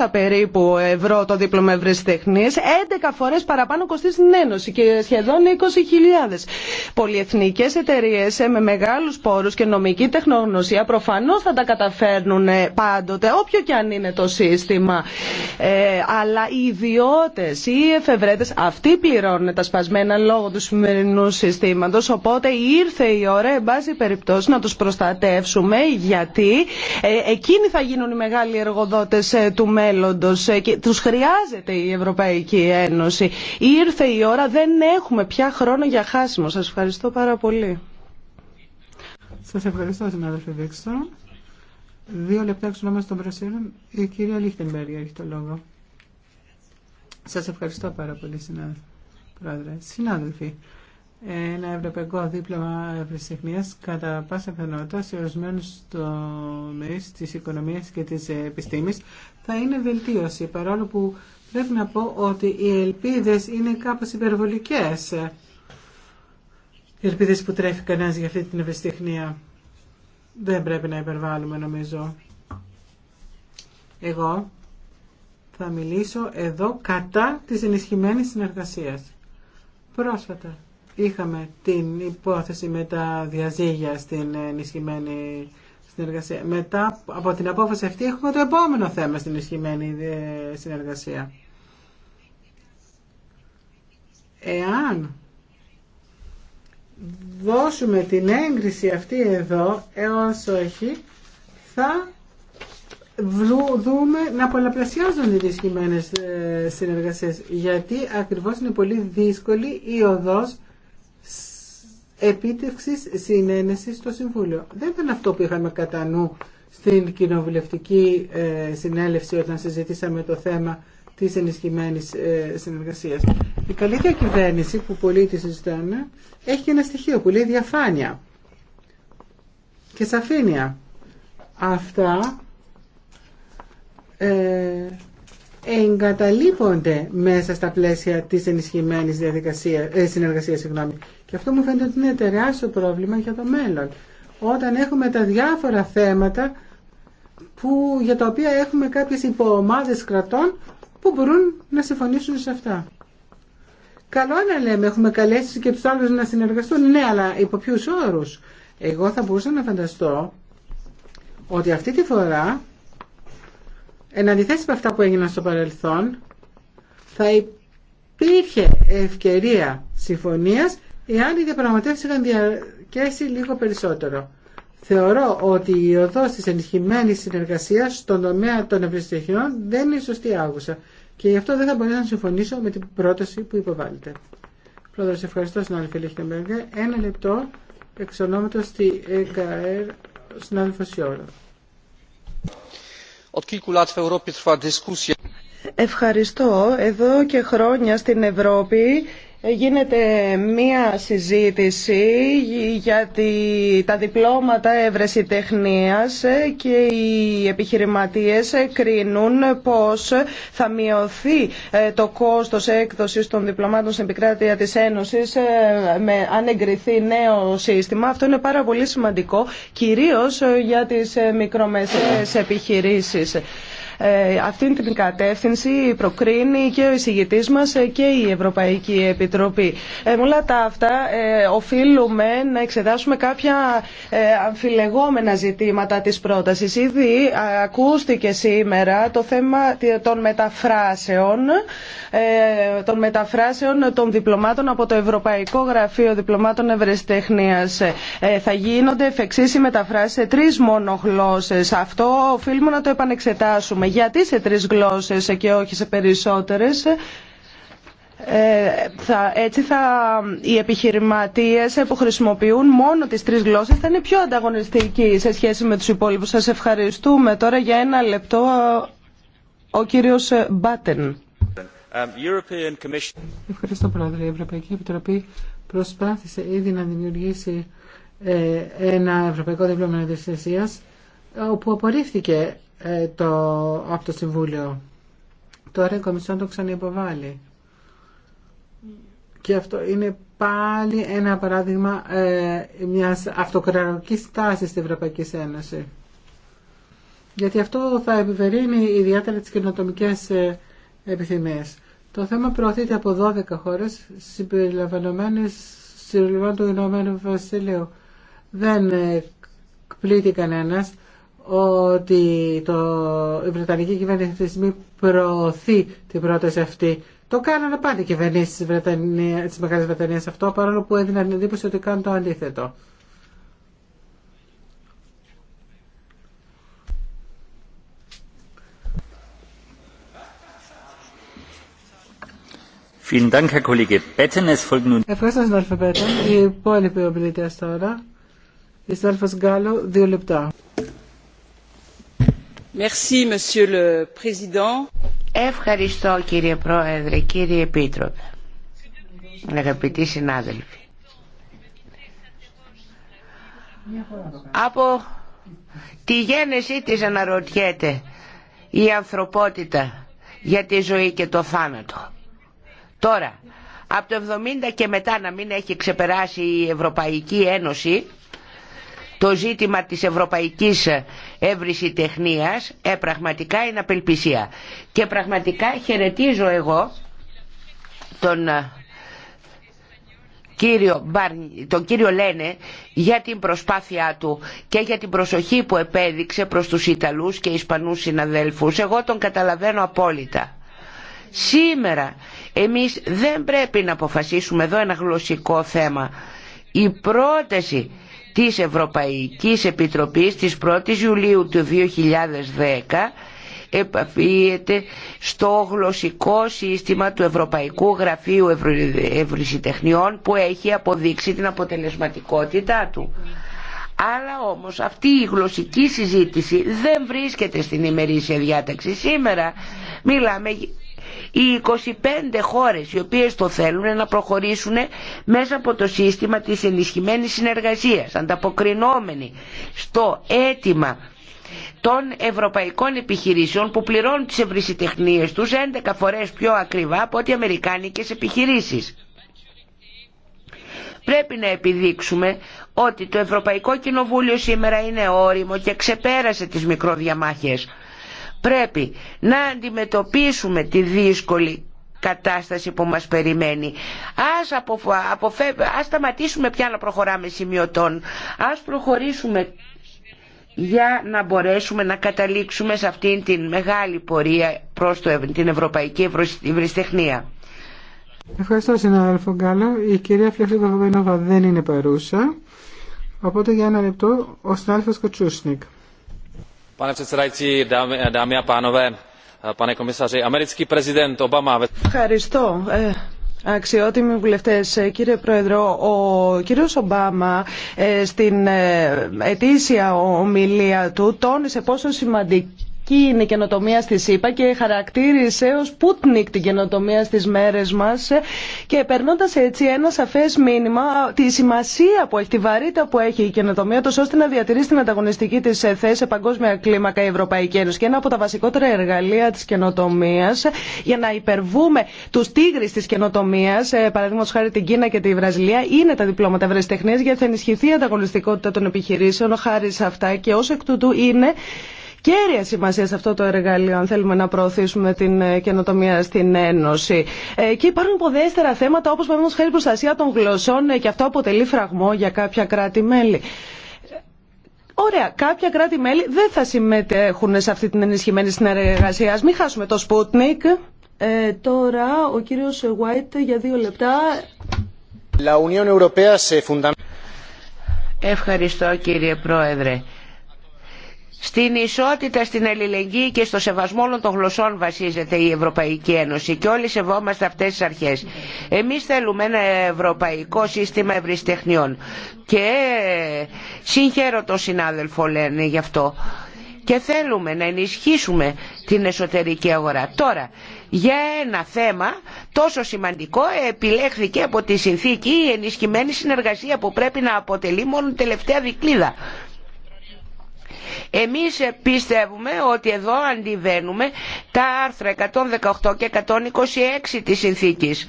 1.800 περίπου ευρώ το δίπλωμα ευρεσιτεχνή, 11 φορέ παραπάνω κοστίζει στην Ένωση και σχεδόν 20.000. Πολυεθνικέ εταιρείε ε, με μεγάλου πόρου και νομική τεχνογνωσία προφανώ θα τα καταφέρνουν πάντοτε, όποιο και αν είναι το σύστημα. Ε, αλλά οι ιδιώτε, οι εφευρέτε, αυτοί πληρώνουν τα σπασμένα λόγω του σημερινού συστήματο. Οπότε ήρθε η ώρα, εν πάση περιπτώσει, να του προστατεύσουμε, γιατί ε, εκείνοι θα γίνουν οι μεγάλοι εργοδότε ε, του μέλλοντο. Ε, τους. χρειάζεται η Ευρωπαϊκή Ένωση. Ήρθε η ώρα, δεν έχουμε πια χρόνο για χάσιμο. Σας ευχαριστώ πάρα πολύ. Σας ευχαριστώ, συνάδελφε Βίξτρο. Δύο λεπτά εξ των Πρασίνων. Η κυρία Λίχτενμπεργκ έχει το λόγο. Σας ευχαριστώ πάρα πολύ, συνάδελφε. Πρόεδρε. Συνάδελφοι, ένα ευρωπαϊκό δίπλωμα ευρεσιτεχνία κατά πάσα πιθανότητα σε ορισμένου τομεί τη οικονομία και τη επιστήμη θα είναι βελτίωση, παρόλο που πρέπει να πω ότι οι ελπίδες είναι κάπως υπερβολικές. Οι ελπίδες που τρέφει κανένας για αυτή την ευαισθηχνία. Δεν πρέπει να υπερβάλλουμε νομίζω. Εγώ θα μιλήσω εδώ κατά της ενισχυμένης συνεργασίας. Πρόσφατα είχαμε την υπόθεση με τα διαζύγια στην ενισχυμένη συνεργασία. Μετά από την απόφαση αυτή έχουμε το επόμενο θέμα στην ισχυμένη ε, συνεργασία. Εάν δώσουμε την έγκριση αυτή εδώ, έως όχι, θα δούμε να πολλαπλασιάζονται οι ισχυμένες ε, συνεργασίες, γιατί ακριβώς είναι πολύ δύσκολη η οδός Επίτευξη συνένεση στο Συμβούλιο. Δεν ήταν αυτό που είχαμε κατά νου στην κοινοβουλευτική ε, συνέλευση όταν συζητήσαμε το θέμα της ενισχυμένης ε, συνεργασίας. Η καλύτερη κυβέρνηση που πολλοί τη συζητάνε έχει ένα στοιχείο που λέει διαφάνεια και σαφήνεια. Αυτά ε, εγκαταλείπονται μέσα στα πλαίσια της ενισχυμένης διαδικασίας, ε, συνεργασίας. Συγγνώμη. Και αυτό μου φαίνεται ότι είναι τεράστιο πρόβλημα για το μέλλον. Όταν έχουμε τα διάφορα θέματα που, για τα οποία έχουμε κάποιες υποομάδες κρατών που μπορούν να συμφωνήσουν σε αυτά. Καλό να λέμε, έχουμε καλέσει και τους άλλους να συνεργαστούν, ναι, αλλά υπό ποιους όρους. Εγώ θα μπορούσα να φανταστώ ότι αυτή τη φορά Εν αντιθέσει με αυτά που έγιναν στο παρελθόν, θα υπήρχε ευκαιρία συμφωνίας εάν οι διαπραγματεύσεις είχαν διαρκέσει λίγο περισσότερο. Θεωρώ ότι η οδός της ενισχυμένη συνεργασίας στον τομέα των ευρεσιτεχνών δεν είναι σωστή άγουσα και γι' αυτό δεν θα μπορέσω να συμφωνήσω με την πρόταση που υποβάλλεται. Πρόεδρε, ευχαριστώ στην άλλη φίλη Ένα λεπτό εξ στη ΕΚΑΕΡ συνάδελφο Ευχαριστώ. Εδώ και χρόνια στην Ευρώπη Γίνεται μία συζήτηση για τα διπλώματα τεχνίας και οι επιχειρηματίες κρίνουν πως θα μειωθεί ε, το κόστος έκδοσης των διπλωμάτων στην επικράτεια της Ένωσης ε, με, αν εγκριθεί νέο σύστημα. Αυτό είναι πάρα πολύ σημαντικό, κυρίως ε, για τις μικρομεσαίες επιχειρήσεις. Ε, Αυτή την κατεύθυνση προκρίνει και ο εισηγητής μας και η Ευρωπαϊκή Επιτροπή. Ε, με όλα τα αυτά ε, οφείλουμε να εξετάσουμε κάποια αμφιλεγόμενα ζητήματα της πρότασης. Ήδη ακούστηκε σήμερα το θέμα των μεταφράσεων, των μεταφράσεων των διπλωμάτων από το Ευρωπαϊκό Γραφείο Διπλωμάτων Ευρεσιτεχνίας. Θα γίνονται εφ' οι μεταφράσεις σε τρεις μόνο γλώσσες. Αυτό οφείλουμε να το επανεξετάσουμε. Γιατί σε τρεις γλώσσες και όχι σε περισσότερες. Ε, έτσι θα, οι επιχειρηματίες που χρησιμοποιούν μόνο τις τρεις γλώσσες θα είναι πιο ανταγωνιστικοί σε σχέση με τους υπόλοιπους. Σας ευχαριστούμε. Τώρα για ένα λεπτό ο κύριος Μπάτεν. Ευχαριστώ Πρόεδρε. Η Ευρωπαϊκή Επιτροπή προσπάθησε ήδη να δημιουργήσει ε, ένα Ευρωπαϊκό Δίπλωμα Ενδυστησίας όπου απορρίφθηκε ε, το, από το Συμβούλιο. Τώρα η Κομισιόν το Και αυτό είναι πάλι ένα παράδειγμα ε, μιας αυτοκρατορικής τάσης στην Ευρωπαϊκή Ένωση. Γιατί αυτό θα επιβερύνει ιδιαίτερα τις κοινοτομικές ε, επιθυμίες. Το θέμα προωθείται από 12 χώρες συμπεριλαμβανομένες συμπεριλαμβανομένου του Ηνωμένου Βασιλείου. Δεν πλήττει κανένας ότι η Βρετανική κυβέρνηση προωθεί την πρόταση αυτή. Το κάνανε πάντα οι κυβερνήσει τη Μεγάλη Βρετανία αυτό, παρόλο που έδιναν εντύπωση ότι κάνουν το αντίθετο. Ευχαριστώ, συνάδελφε Πέτεν. Η υπόλοιπη ομιλητέ τώρα. Η συνάδελφο Γκάλο, δύο λεπτά. Ευχαριστώ κύριε Πρόεδρε, κύριε Επίτροπε, αγαπητοί συνάδελφοι. Από τη γένεσή της αναρωτιέται η ανθρωπότητα για τη ζωή και το θάνατο. Τώρα, από το 70 και μετά να μην έχει ξεπεράσει η Ευρωπαϊκή Ένωση το ζήτημα της ευρωπαϊκής έβριση τεχνίας ε, πραγματικά είναι απελπισία. Και πραγματικά χαιρετίζω εγώ τον ε, κύριο, τον κύριο Λένε για την προσπάθειά του και για την προσοχή που επέδειξε προς τους Ιταλούς και Ισπανούς συναδέλφους. Εγώ τον καταλαβαίνω απόλυτα. Σήμερα εμείς δεν πρέπει να αποφασίσουμε εδώ ένα γλωσσικό θέμα. Η πρόταση της Ευρωπαϊκής Επιτροπής της 1ης Ιουλίου του 2010 επαφίεται στο γλωσσικό σύστημα του Ευρωπαϊκού Γραφείου Ευρυσιτεχνιών που έχει αποδείξει την αποτελεσματικότητά του. Αλλά όμως αυτή η γλωσσική συζήτηση δεν βρίσκεται στην ημερήσια διάταξη. Σήμερα μιλάμε οι 25 χώρες οι οποίες το θέλουν να προχωρήσουν μέσα από το σύστημα της ενισχυμένης συνεργασίας ανταποκρινόμενοι στο αίτημα των ευρωπαϊκών επιχειρήσεων που πληρώνουν τις ευρυσιτεχνίες τους 11 φορές πιο ακριβά από ό,τι αμερικάνικες επιχειρήσεις. Πρέπει να επιδείξουμε ότι το Ευρωπαϊκό Κοινοβούλιο σήμερα είναι όριμο και ξεπέρασε τις μικροδιαμάχες πρέπει να αντιμετωπίσουμε τη δύσκολη κατάσταση που μας περιμένει. Ας, σταματήσουμε πια να προχωράμε σημειωτών. Ας προχωρήσουμε για να μπορέσουμε να καταλήξουμε σε αυτήν την μεγάλη πορεία προς την ευρωπαϊκή Ευρωστηχνία. Ευχαριστώ συνάδελφο Γκάλα. Η κυρία Φλεξίδα Βαβένοβα δεν είναι παρούσα. Οπότε για ένα λεπτό ο συνάδελφος Κοτσούσνικ. Ευχαριστώ. Αξιότιμοι βουλευτέ, ε, κύριε Πρόεδρο, ο κύριος Ομπάμα ε, στην ε, ετήσια ομιλία του τόνισε πόσο σημαντική είναι η καινοτομία στη ΣΥΠΑ και χαρακτήρισε ω Πούτνικ την καινοτομία στι μέρε μα και περνώντα έτσι ένα σαφέ μήνυμα τη σημασία που έχει, τη βαρύτητα που έχει η καινοτομία τόσο ώστε να διατηρήσει την ανταγωνιστική τη ε, θέση σε παγκόσμια κλίμακα η Ευρωπαϊκή Ένωση και ένα από τα βασικότερα εργαλεία τη καινοτομία για να υπερβούμε του τίγρε τη καινοτομία, ε, παραδείγματο χάρη την Κίνα και τη Βραζιλία, είναι τα διπλώματα ευρεσιτεχνία γιατί θα ενισχυθεί η ανταγωνιστικότητα των επιχειρήσεων χάρη σε αυτά και ω εκ τούτου είναι κέρια σημασία σε αυτό το εργαλείο αν θέλουμε να προωθήσουμε την ε, καινοτομία στην Ένωση. Ε, και υπάρχουν υποδέστερα θέματα όπως παραδείγματος χάρη προστασία των γλωσσών ε, και αυτό αποτελεί φραγμό για κάποια κράτη-μέλη. Ωραία, κάποια κράτη-μέλη δεν θα συμμετέχουν σε αυτή την ενισχυμένη συνεργασία. μην χάσουμε το Sputnik. Ε, τώρα ο κύριος White για δύο λεπτά. Ευχαριστώ κύριε Πρόεδρε. Στην ισότητα, στην αλληλεγγύη και στο σεβασμό όλων των γλωσσών βασίζεται η Ευρωπαϊκή Ένωση και όλοι σεβόμαστε αυτές τις αρχές. Εμείς θέλουμε ένα ευρωπαϊκό σύστημα ευρυστεχνιών και συγχαίρω τον συνάδελφο λένε γι' αυτό και θέλουμε να ενισχύσουμε την εσωτερική αγορά. Τώρα, για ένα θέμα τόσο σημαντικό επιλέχθηκε από τη συνθήκη η ενισχυμένη συνεργασία που πρέπει να αποτελεί μόνο τελευταία δικλίδα. Εμείς πιστεύουμε ότι εδώ αντιβαίνουμε τα άρθρα 118 και 126 της συνθήκης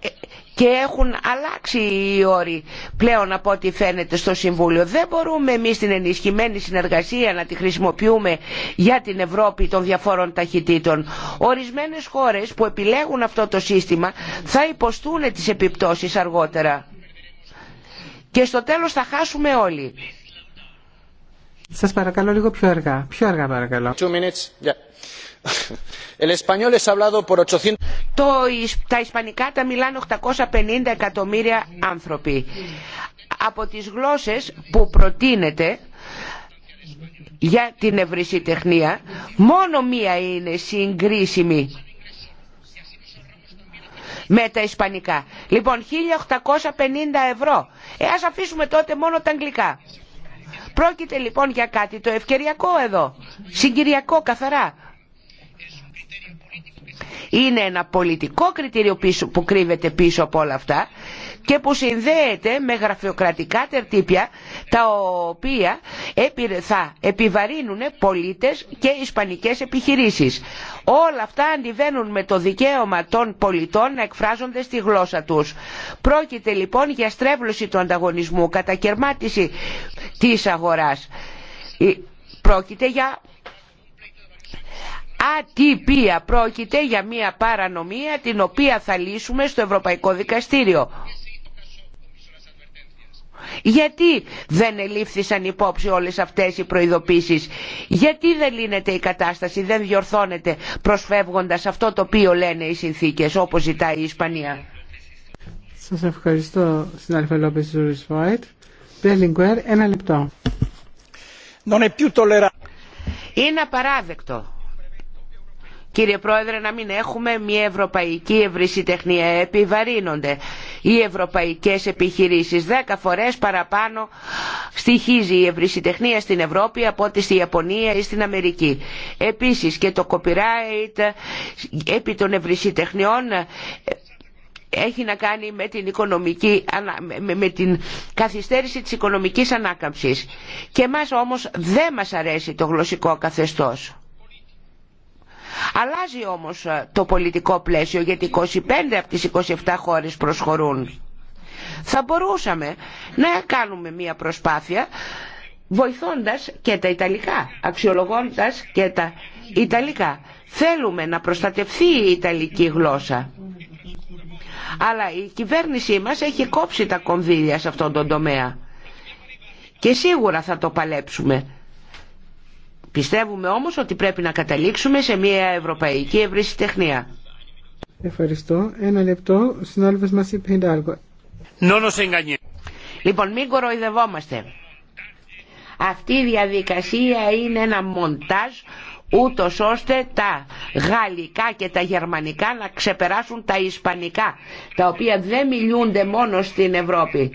ε, και έχουν αλλάξει οι όροι πλέον από ό,τι φαίνεται στο Συμβούλιο. Δεν μπορούμε εμείς την ενισχυμένη συνεργασία να τη χρησιμοποιούμε για την Ευρώπη των διαφόρων ταχυτήτων. Ορισμένες χώρες που επιλέγουν αυτό το σύστημα θα υποστούν τις επιπτώσεις αργότερα. Και στο τέλος θα χάσουμε όλοι. Σας παρακαλώ λίγο πιο αργά. Πιο αργά παρακαλώ. Το, τα ισπανικά τα μιλάνε 850 εκατομμύρια άνθρωποι. Από τις γλώσσες που προτείνεται για την ευρυσιτεχνία, μόνο μία είναι συγκρίσιμη με τα ισπανικά. Λοιπόν, 1850 ευρώ. Ε, ας αφήσουμε τότε μόνο τα αγγλικά. Πρόκειται λοιπόν για κάτι το ευκαιριακό εδώ, συγκυριακό καθαρά. Είναι ένα πολιτικό κριτήριο πίσω, που κρύβεται πίσω από όλα αυτά και που συνδέεται με γραφειοκρατικά τερτύπια τα οποία θα επιβαρύνουν πολίτες και ισπανικές επιχειρήσεις. Όλα αυτά αντιβαίνουν με το δικαίωμα των πολιτών να εκφράζονται στη γλώσσα τους. Πρόκειται λοιπόν για στρέβλωση του ανταγωνισμού, κατακαιρμάτιση της αγοράς. Πρόκειται για ατυπία, πρόκειται για μια παρανομία την οποία θα λύσουμε στο Ευρωπαϊκό Δικαστήριο. Γιατί δεν ελήφθησαν υπόψη όλες αυτές οι προειδοποίησεις. Γιατί δεν λύνεται η κατάσταση, δεν διορθώνεται προσφεύγοντας αυτό το οποίο λένε οι συνθήκες όπως ζητάει η Ισπανία. Σας ευχαριστώ Ζούρις Βάιτ. ένα λεπτό. Είναι απαράδεκτο Κύριε Πρόεδρε, να μην έχουμε μια ευρωπαϊκή ευρυσιτεχνία. Επιβαρύνονται οι ευρωπαϊκές επιχειρήσεις. Δέκα φορές παραπάνω στοιχίζει η ευρυσιτεχνία στην Ευρώπη από ό,τι στη Ιαπωνία ή στην Αμερική. Επίσης και το copyright επί των ευρυσιτεχνιών έχει να κάνει με την, οικονομική, με την καθυστέρηση της οικονομικής ανάκαμψης. Και εμάς όμως δεν μας αρέσει το γλωσσικό καθεστώς. Αλλάζει όμως ε, το πολιτικό πλαίσιο γιατί 25 από τις 27 χώρες προσχωρούν. Θα μπορούσαμε να κάνουμε μία προσπάθεια βοηθώντας και τα Ιταλικά, αξιολογώντας και τα Ιταλικά. Θέλουμε να προστατευθεί η Ιταλική γλώσσα. Αλλά η κυβέρνησή μας έχει κόψει τα κονδύλια σε αυτόν τον τομέα. Και σίγουρα θα το παλέψουμε. Πιστεύουμε όμως ότι πρέπει να καταλήξουμε σε μια ευρωπαϊκή ευρεσιτεχνία. Ευχαριστώ. Ένα λεπτό. Συνάδελφος μα είπε Λοιπόν, μην κοροϊδευόμαστε. Αυτή η διαδικασία είναι ένα μοντάζ ούτω ώστε τα γαλλικά και τα γερμανικά να ξεπεράσουν τα ισπανικά, τα οποία δεν μιλούνται μόνο στην Ευρώπη,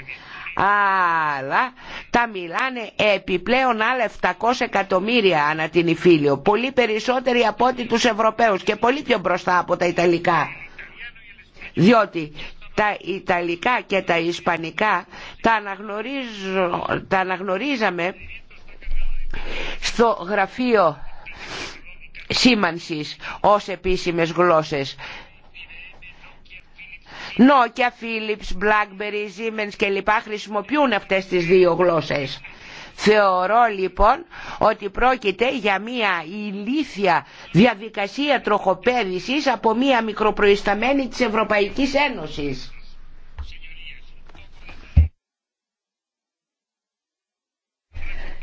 αλλά τα μιλάνε επιπλέον άλλα 700 εκατομμύρια ανά την Ιφίλιο. Πολύ περισσότεροι από ό,τι τους Ευρωπαίους και πολύ πιο μπροστά από τα Ιταλικά. Διότι τα Ιταλικά και τα Ισπανικά τα, τα αναγνωρίζαμε στο γραφείο σήμανσης ως επίσημες γλώσσες. Nokia, Philips, Blackberry, Siemens κλπ. χρησιμοποιούν αυτές τις δύο γλώσσες. Θεωρώ λοιπόν ότι πρόκειται για μια ηλίθια διαδικασία τροχοπέδησης από μια μικροπροϊσταμένη της Ευρωπαϊκής Ένωσης.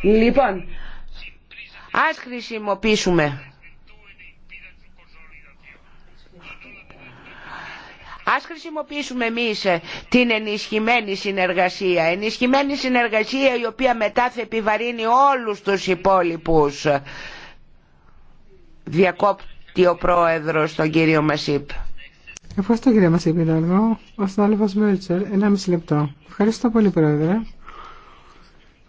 Λοιπόν, ας χρησιμοποιήσουμε Ας χρησιμοποιήσουμε εμείς ε, την ενισχυμένη συνεργασία. Ενισχυμένη συνεργασία η οποία μετά θα επιβαρύνει όλους τους υπόλοιπους. Διακόπτει ο πρόεδρος τον κύριο Μασίπ. Ευχαριστώ κύριε Μασίπ Ιδαλγό. Ο συνάδελφος Μέλτσερ, ένα μισή λεπτό. Ευχαριστώ πολύ πρόεδρε.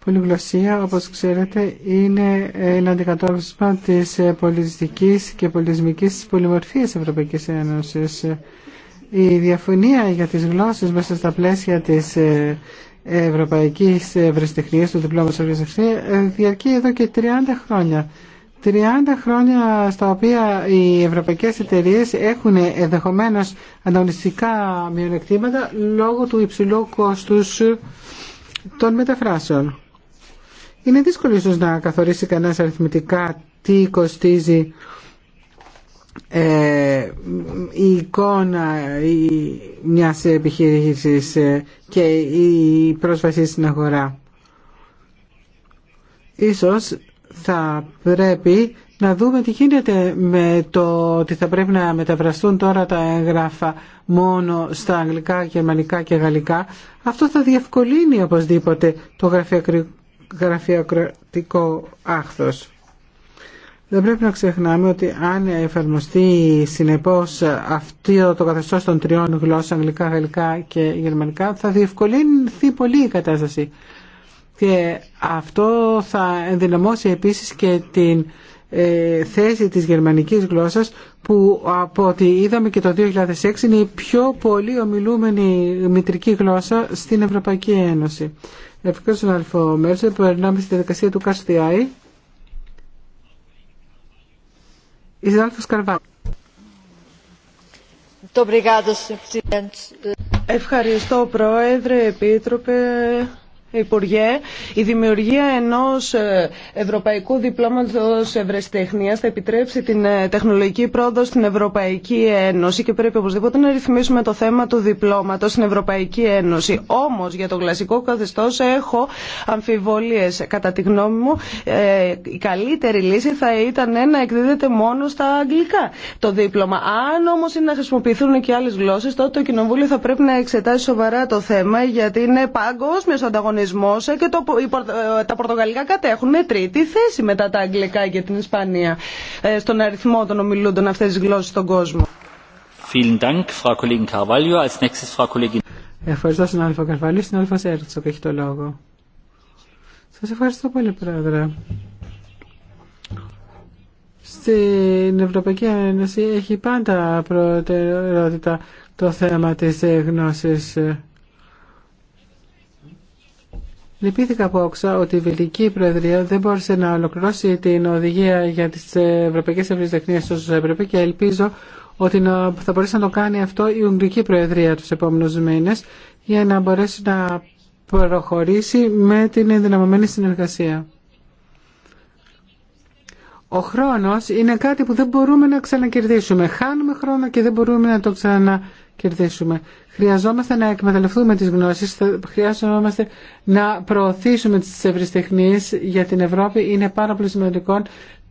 Πολυγλωσία, όπως ξέρετε, είναι ένα αντικατόπισμα της ε, πολιτιστική και πολιτισμικής πολυμορφίας Ευρωπαϊκή Ένωση. Η διαφωνία για τις γλώσσες μέσα στα πλαίσια της ε, Ευρωπαϊκής ε, Ευρεσιτεχνίας, του διπλώματος Ευρεσιτεχνίας, ε, διαρκεί εδώ και 30 χρόνια. 30 χρόνια στα οποία οι ευρωπαϊκές εταιρείες έχουν ενδεχομένω ανταγωνιστικά μειονεκτήματα λόγω του υψηλού κόστους των μεταφράσεων. Είναι δύσκολο ίσως να καθορίσει κανένας αριθμητικά τι κοστίζει ε, η εικόνα μιας επιχειρήσης ε, και η πρόσβαση στην αγορά. Ίσως θα πρέπει να δούμε τι γίνεται με το ότι θα πρέπει να μεταβραστούν τώρα τα έγγραφα μόνο στα αγγλικά, γερμανικά και γαλλικά. Αυτό θα διευκολύνει οπωσδήποτε το γραφειοκρατικό άχθος. Δεν πρέπει να ξεχνάμε ότι αν εφαρμοστεί συνεπώς αυτό το καθεστώς των τριών γλώσσων, αγγλικά, γαλλικά και γερμανικά, θα διευκολύνθει πολύ η κατάσταση. Και αυτό θα ενδυναμώσει επίσης και την ε, θέση της γερμανικής γλώσσας που από ό,τι είδαμε και το 2006 είναι η πιο πολύ ομιλούμενη μητρική γλώσσα στην Ευρωπαϊκή Ένωση. Ευχαριστώ, Αλφο Μέρσερ. Περνάμε στη διαδικασία του ΚΑΣΤΙΑΗ. Ευχαριστώ Πρόεδρε, Επίτροπε. Υπουργέ, η δημιουργία ενός ε, ευρωπαϊκού διπλώματος ευρεσιτεχνίας θα επιτρέψει την ε, τεχνολογική πρόοδο στην Ευρωπαϊκή Ένωση και πρέπει οπωσδήποτε να ρυθμίσουμε το θέμα του διπλώματος στην Ευρωπαϊκή Ένωση. Όμως για το κλασικό καθεστώς έχω αμφιβολίες. Κατά τη γνώμη μου ε, η καλύτερη λύση θα ήταν να εκδίδεται μόνο στα αγγλικά το δίπλωμα. Αν όμως είναι να χρησιμοποιηθούν και άλλες γλώσσες τότε το Κοινοβούλιο θα πρέπει να εξετάσει σοβαρά το θέμα γιατί είναι παγκόσμιο ανταγωνισμός ε, και το, ε, τα πορτογαλικά κατέχουν τρίτη θέση μετά τα αγγλικά και την Ισπανία ε, στον αριθμό των ομιλούντων αυτέ τι γλώσσε στον κόσμο. Ευχαριστώ, συνάδελφο Καρβάλιο. Σέρτσο που έχει το λόγο. Σα ευχαριστώ πολύ, Πρόεδρε. Στην Ευρωπαϊκή Ένωση έχει πάντα προτεραιότητα το θέμα της γνώσης Λυπήθηκα από όξα ότι η Βελική Προεδρία δεν μπόρεσε να ολοκληρώσει την οδηγία για τι Ευρωπαϊκέ ευρυστεχνίες όσο έπρεπε και ελπίζω ότι θα μπορέσει να το κάνει αυτό η Ουγγρική Προεδρία του επόμενου μήνε για να μπορέσει να προχωρήσει με την ενδυναμωμένη συνεργασία. Ο χρόνος είναι κάτι που δεν μπορούμε να ξανακερδίσουμε. Χάνουμε χρόνο και δεν μπορούμε να το ξανακερδίσουμε κερδίσουμε. Χρειαζόμαστε να εκμεταλλευτούμε τις γνώσεις, χρειαζόμαστε να προωθήσουμε τις ευρυστεχνίες για την Ευρώπη. Είναι πάρα πολύ σημαντικό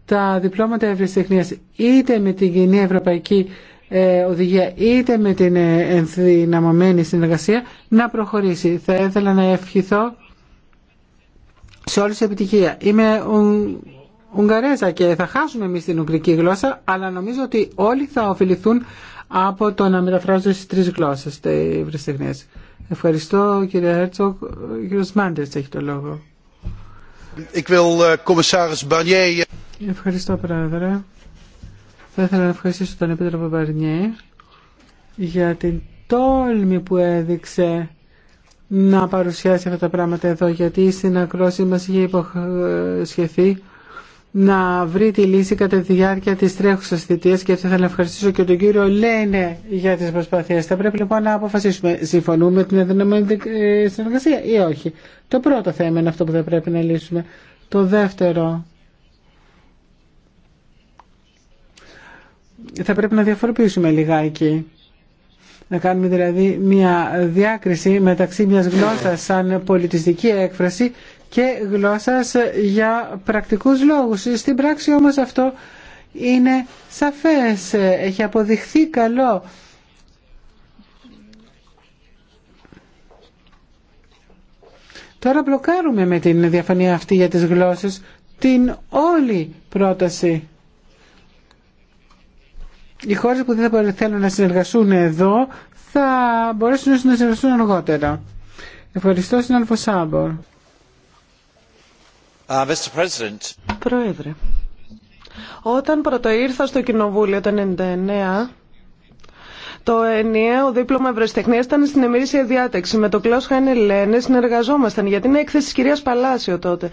τα διπλώματα ευρυστεχνίας είτε με την κοινή ευρωπαϊκή ε, οδηγία είτε με την ε, ενδυναμωμένη συνεργασία να προχωρήσει. Θα ήθελα να ευχηθώ σε όλους επιτυχία. Ουγγαρέζα και θα χάσουμε εμείς την Ουγγρική γλώσσα, αλλά νομίζω ότι όλοι θα ωφεληθούν από το να μεταφράζονται στις τρεις γλώσσες τα βρεσιτεχνές. Ευχαριστώ κύριε Έρτσο. Ο κύριος Μάντες έχει το λόγο. Ε, Ευχαριστώ πρόεδρε. Θα ήθελα να ευχαριστήσω τον Επίτροπο Μπαρνιέ για την τόλμη που έδειξε να παρουσιάσει αυτά τα πράγματα εδώ γιατί στην ακρόση μας είχε υποσχεθεί να βρει τη λύση κατά τη διάρκεια της τρέχουσας θητείας και θα να ευχαριστήσω και τον κύριο Λένε για τις προσπαθίες. Θα πρέπει λοιπόν να αποφασίσουμε συμφωνούμε με την ενδυναμένη ε, συνεργασία ή όχι. Το πρώτο θέμα είναι αυτό που θα πρέπει να λύσουμε. Το δεύτερο θα πρέπει να διαφοροποιήσουμε λιγάκι. Να κάνουμε δηλαδή μια διάκριση μεταξύ μιας γλώσσας σαν πολιτιστική έκφραση και γλώσσας για πρακτικούς λόγους. Στην πράξη όμως αυτό είναι σαφές, έχει αποδειχθεί καλό. Τώρα μπλοκάρουμε με την διαφωνία αυτή για τις γλώσσες την όλη πρόταση. Οι χώρες που δεν θέλουν να συνεργαστούν εδώ θα μπορέσουν να συνεργαστούν αργότερα. Ευχαριστώ στην Uh, Πρόεδρε, όταν πρωτοήρθα στο Κοινοβούλιο το 1999, το ενιαίο δίπλωμα ευρεσιτεχνία ήταν στην εμμυρίσια διάταξη. Με τον Κλώσχα Χάινε Λένε συνεργαζόμασταν για την έκθεση τη κυρία Παλάσιο τότε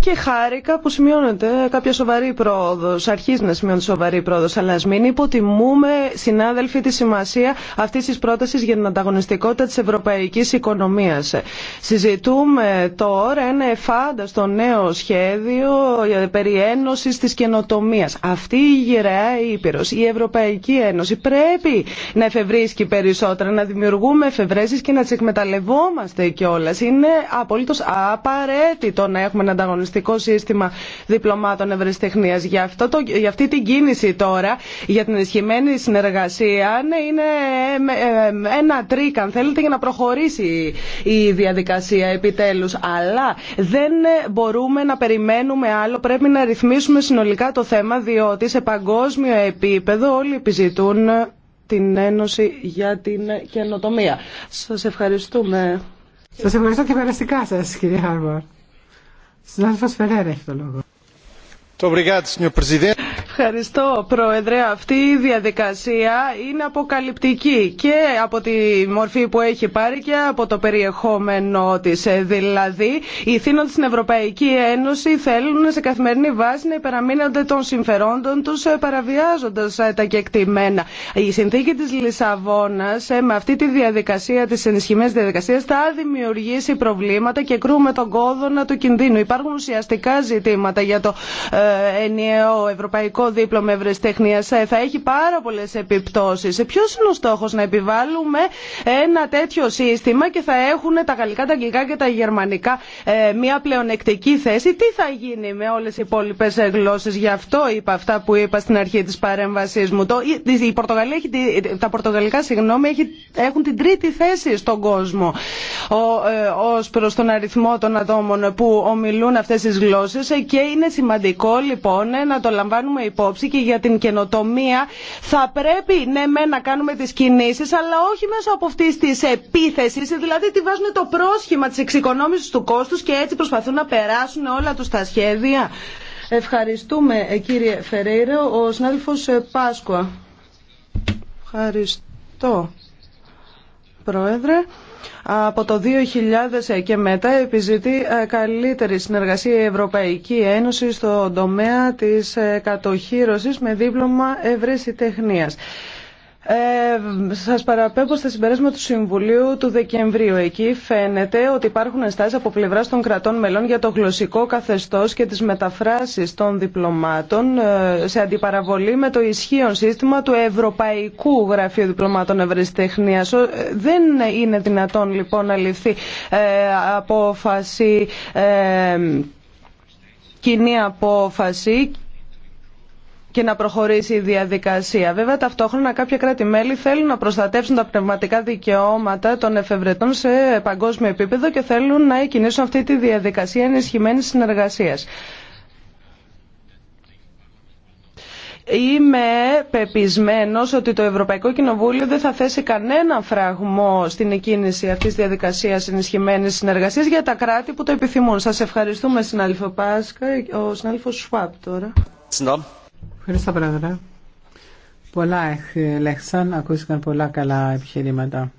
και χάρηκα που σημειώνεται κάποια σοβαρή πρόοδο. Αρχίζει να σημειώνεται σοβαρή πρόοδο. Αλλά α μην υποτιμούμε, συνάδελφοι, τη σημασία αυτή τη πρόταση για την ανταγωνιστικότητα τη ευρωπαϊκή οικονομία. Συζητούμε τώρα ένα εφάνταστο νέο σχέδιο περί ένωση τη καινοτομία. Αυτή η γυραιά ήπειρο, η Ευρωπαϊκή Ένωση πρέπει να εφευρίσκει περισσότερα, να δημιουργούμε εφευρέσει και να τι εκμεταλλευόμαστε κιόλα. Είναι απολύτω απαραίτητο να έχουμε ανταγωνιστικό σύστημα διπλωμάτων ευρεσιτεχνία. Για, για αυτή την κίνηση τώρα, για την ενισχυμένη συνεργασία, ναι, είναι ε, ε, ένα τρίκ, αν θέλετε, για να προχωρήσει η διαδικασία επιτέλου. Αλλά δεν μπορούμε να περιμένουμε άλλο. Πρέπει να ρυθμίσουμε συνολικά το θέμα, διότι σε παγκόσμιο επίπεδο όλοι επιζητούν την Ένωση για την Καινοτομία. Σας ευχαριστούμε. Σας ευχαριστώ και περαστικά σας, κύριε Χάρμαρ. Ευχαριστώ Ευχαριστώ. κύριε Πρόεδρε. Ευχαριστώ, Πρόεδρε. Αυτή η διαδικασία είναι αποκαλυπτική και από τη μορφή που έχει πάρει και από το περιεχόμενό τη. Δηλαδή, οι θύνοντες στην Ευρωπαϊκή Ένωση θέλουν σε καθημερινή βάση να υπεραμείνονται των συμφερόντων του ε, παραβιάζοντα ε, τα κεκτημένα. Η συνθήκη τη Λισαβόνα ε, με αυτή τη διαδικασία, τη ενισχυμένη διαδικασία, θα δημιουργήσει προβλήματα και κρούμε τον κόδωνα του κινδύνου. Υπάρχουν ουσιαστικά ζητήματα για το ενιαίο ευρωπαϊκό δίπλωμα ευρεσιτεχνία ε, θα έχει πάρα πολλέ επιπτώσει. Ε, Ποιο είναι ο στόχο να επιβάλλουμε ένα τέτοιο σύστημα και θα έχουν τα γαλλικά, τα αγγλικά και τα γερμανικά ε, μια πλεονεκτική θέση. Τι θα γίνει με όλε οι υπόλοιπε γλώσσε. Γι' αυτό είπα αυτά που είπα στην αρχή τη παρέμβασή μου. Το, η Πορτογαλία έχει, τα πορτογαλικά συγγνώμη, έχουν την τρίτη θέση στον κόσμο ω προ τον αριθμό των ατόμων που ομιλούν αυτέ τι γλώσσε και είναι σημαντικό λοιπόν να το λαμβάνουμε υπόψη και για την καινοτομία θα πρέπει ναι με να κάνουμε τι κινήσει, αλλά όχι μέσα από αυτή τη επίθεση, δηλαδή τη βάζουν το πρόσχημα τη εξοικονόμηση του κόστου και έτσι προσπαθούν να περάσουν όλα του τα σχέδια. Ευχαριστούμε ε, κύριε Φερέιρο, ο συνάδελφο ε, Πάσκουα. Ευχαριστώ. Πρόεδρε. Από το 2000 και μετά επιζητεί ε, καλύτερη συνεργασία η Ευρωπαϊκή Ένωση στον τομέα της ε, κατοχήρωσης με δίπλωμα ευρεσιτεχνίας. τεχνίας. Ε, σας παραπέμπω στα συμπεράσματα του Συμβουλίου του Δεκεμβρίου. Εκεί φαίνεται ότι υπάρχουν ενστάσεις από πλευρά των κρατών μελών για το γλωσσικό καθεστώς και τις μεταφράσεις των διπλωμάτων ε, σε αντιπαραβολή με το ισχύον σύστημα του Ευρωπαϊκού Γραφείου Διπλωμάτων Ευρεσιτεχνίας. Ε, δεν είναι δυνατόν λοιπόν να ληφθεί ε, απόφαση... κοινή απόφαση και να προχωρήσει η διαδικασία. Βέβαια, ταυτόχρονα κάποια κράτη-μέλη θέλουν να προστατεύσουν τα πνευματικά δικαιώματα των εφευρετών σε παγκόσμιο επίπεδο και θέλουν να εκινήσουν αυτή τη διαδικασία ενισχυμένη συνεργασία. Είμαι πεπισμένος ότι το Ευρωπαϊκό Κοινοβούλιο δεν θα θέσει κανένα φραγμό στην εκκίνηση αυτής της διαδικασίας ενισχυμένης συνεργασίας για τα κράτη που το επιθυμούν. Σας ευχαριστούμε συνάδελφο Πάσκα. Ο συνάδελφος Σουάπ τώρα. Ευχαριστώ, Πρόεδρε. Πολλά έλεγχαν, ακούστηκαν πολλά καλά επιχειρήματα.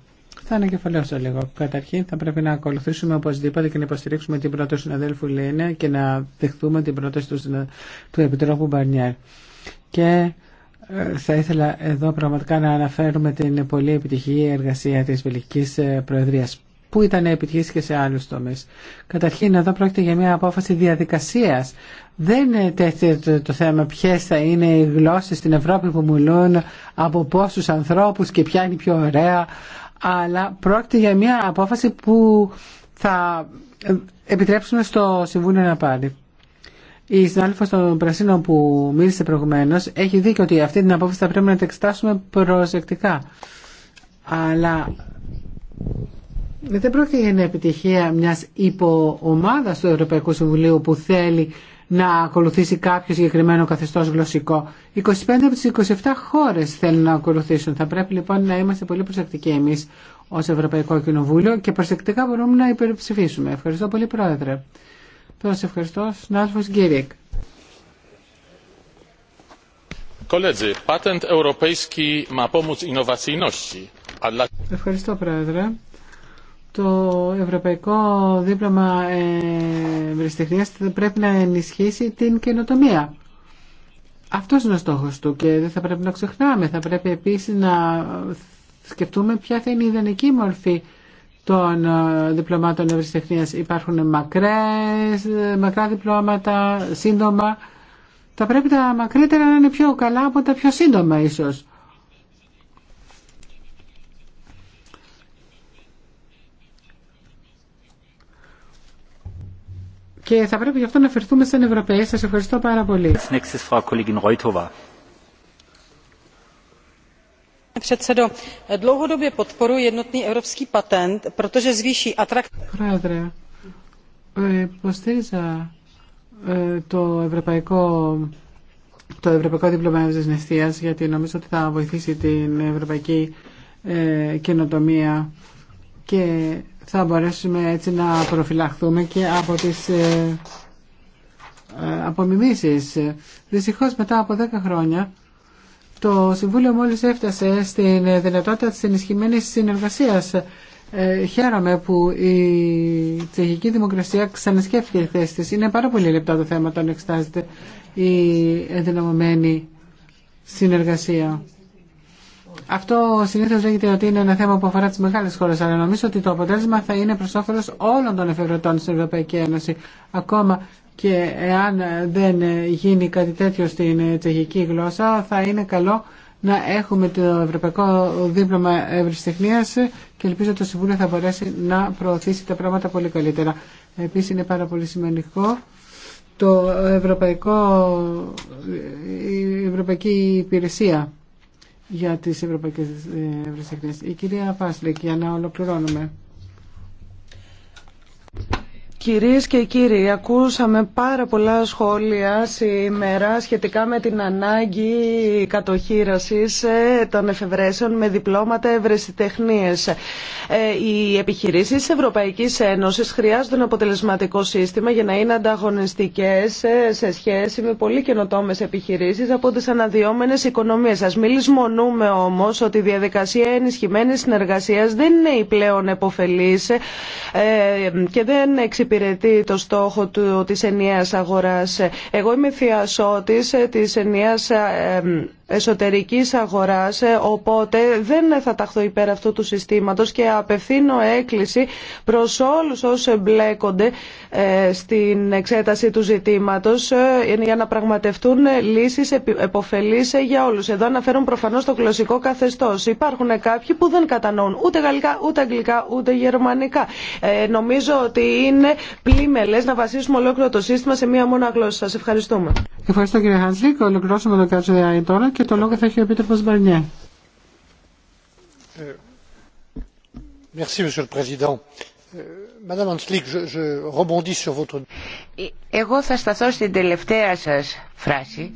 Θα ανακεφαλαιώσω λίγο. Καταρχήν, θα πρέπει να ακολουθήσουμε οπωσδήποτε και να υποστηρίξουμε την πρόταση του συναδέλφου Λένε και να δεχτούμε την πρόταση του, του Επιτρόπου Μπαρνιέρ. Και ε, θα ήθελα εδώ πραγματικά να αναφέρουμε την πολύ επιτυχή εργασία της Βελγικής ε, Προεδρίας που ήταν επιτυχής και σε άλλους τομείς. Καταρχήν εδώ πρόκειται για μια απόφαση διαδικασίας. Δεν τέτοιο το θέμα ποιε θα είναι οι γλώσσες στην Ευρώπη που μιλούν από πόσους ανθρώπους και ποια είναι η πιο ωραία, αλλά πρόκειται για μια απόφαση που θα επιτρέψουμε στο Συμβούλιο να πάρει. Η συνάδελφο των Πρασίνων που μίλησε προηγουμένω έχει δίκιο ότι αυτή την απόφαση θα πρέπει να την εξετάσουμε προσεκτικά. Αλλά δεν πρόκειται για την επιτυχία μιας υποομάδας του Ευρωπαϊκού Συμβουλίου που θέλει να ακολουθήσει κάποιο συγκεκριμένο καθεστώς γλωσσικό. 25 από τις 27 χώρες θέλουν να ακολουθήσουν. Θα πρέπει λοιπόν να είμαστε πολύ προσεκτικοί εμείς ως Ευρωπαϊκό Κοινοβούλιο και προσεκτικά μπορούμε να υπερψηφίσουμε. Ευχαριστώ πολύ Πρόεδρε. Τώρα ευχαριστώ. Συνάδελφος Γκίρικ. Ευχαριστώ Πρόεδρε το Ευρωπαϊκό Δίπλωμα Ευρεσιτεχνίας πρέπει να ενισχύσει την καινοτομία. Αυτός είναι ο στόχος του και δεν θα πρέπει να ξεχνάμε. Θα πρέπει επίσης να σκεφτούμε ποια θα είναι η ιδανική μορφή των διπλωμάτων ευρεσιτεχνίας. Υπάρχουν μακρές, μακρά διπλώματα, σύντομα. Θα πρέπει τα μακρύτερα να είναι πιο καλά από τα πιο σύντομα ίσως. και θα πρέπει γι' αυτό να φερθούμε σαν Ευρωπαίοι. Σας ευχαριστώ πάρα πολύ. Πρόεδρε, υποστήριζα το ευρωπαϊκό το Ευρωπαϊκό Δίπλωμα γιατί νομίζω ότι θα βοηθήσει την ευρωπαϊκή ε, καινοτομία και θα μπορέσουμε έτσι να προφυλαχθούμε και από τις ε, ε απομιμήσεις. μετά από 10 χρόνια το Συμβούλιο μόλις έφτασε στην δυνατότητα της ενισχυμένης συνεργασίας. Ε, χαίρομαι που η τσεχική δημοκρασία ξανασκέφτηκε τη θέση της. Είναι πάρα πολύ λεπτά το θέμα όταν εξετάζεται η ενδυναμωμένη συνεργασία. Αυτό συνήθω λέγεται ότι είναι ένα θέμα που αφορά τι μεγάλε χώρε. αλλά νομίζω ότι το αποτέλεσμα θα είναι προ όφελο όλων των εφευρετών στην Ευρωπαϊκή Ένωση. Ακόμα και εάν δεν γίνει κάτι τέτοιο στην τσεχική γλώσσα, θα είναι καλό να έχουμε το Ευρωπαϊκό Δίπλωμα Ευρυστεχνία και ελπίζω το Συμβούλιο θα μπορέσει να προωθήσει τα πράγματα πολύ καλύτερα. Επίση είναι πάρα πολύ σημαντικό το Ευρωπαϊκό, η Ευρωπαϊκή Υπηρεσία για τις ευρωπαϊκές ε, ευρεσιτεχνίες. Η κυρία Βάσλικ, για να ολοκληρώνουμε. Κυρίες και κύριοι, ακούσαμε πάρα πολλά σχόλια σήμερα σχετικά με την ανάγκη κατοχήρασης ε, των εφευρέσεων με διπλώματα ευρεσιτεχνίες. Ε, οι επιχειρήσεις της Ευρωπαϊκής Ένωσης χρειάζονται ένα αποτελεσματικό σύστημα για να είναι ανταγωνιστικές ε, σε σχέση με πολύ καινοτόμες επιχειρήσεις από τις αναδυόμενες οικονομίες. Ας μην λησμονούμε όμως ότι η διαδικασία ενισχυμένης συνεργασίας δεν είναι η πλέον επωφελής και δεν εξυπηρετεί υπηρετεί το στόχο του, της ενιαίας αγοράς. Εγώ είμαι θειασότης ε, της ενιαίας ε, εσωτερικής αγοράς, ε, οπότε δεν θα ταχθώ υπέρ αυτού του συστήματος και απευθύνω έκκληση προς όλους όσους εμπλέκονται ε, στην εξέταση του ζητήματος ε, για να πραγματευτούν λύσεις ε, για όλους. Εδώ αναφέρουν προφανώς το γλωσσικό καθεστώς. Υπάρχουν κάποιοι που δεν κατανοούν ούτε γαλλικά, ούτε αγγλικά, ούτε γερμανικά. νομίζω ότι είναι πλήμελες να βασίσουμε ολόκληρο το σύστημα σε μία μόνα γλώσσα. Σας ευχαριστούμε. Ευχαριστώ κύριε Χάνσλικ. Ολοκληρώσαμε το κάτσο τώρα και το λόγο θα έχει ο Επίτροπος Μπαρνιέ. Εγώ θα σταθώ στην τελευταία σας φράση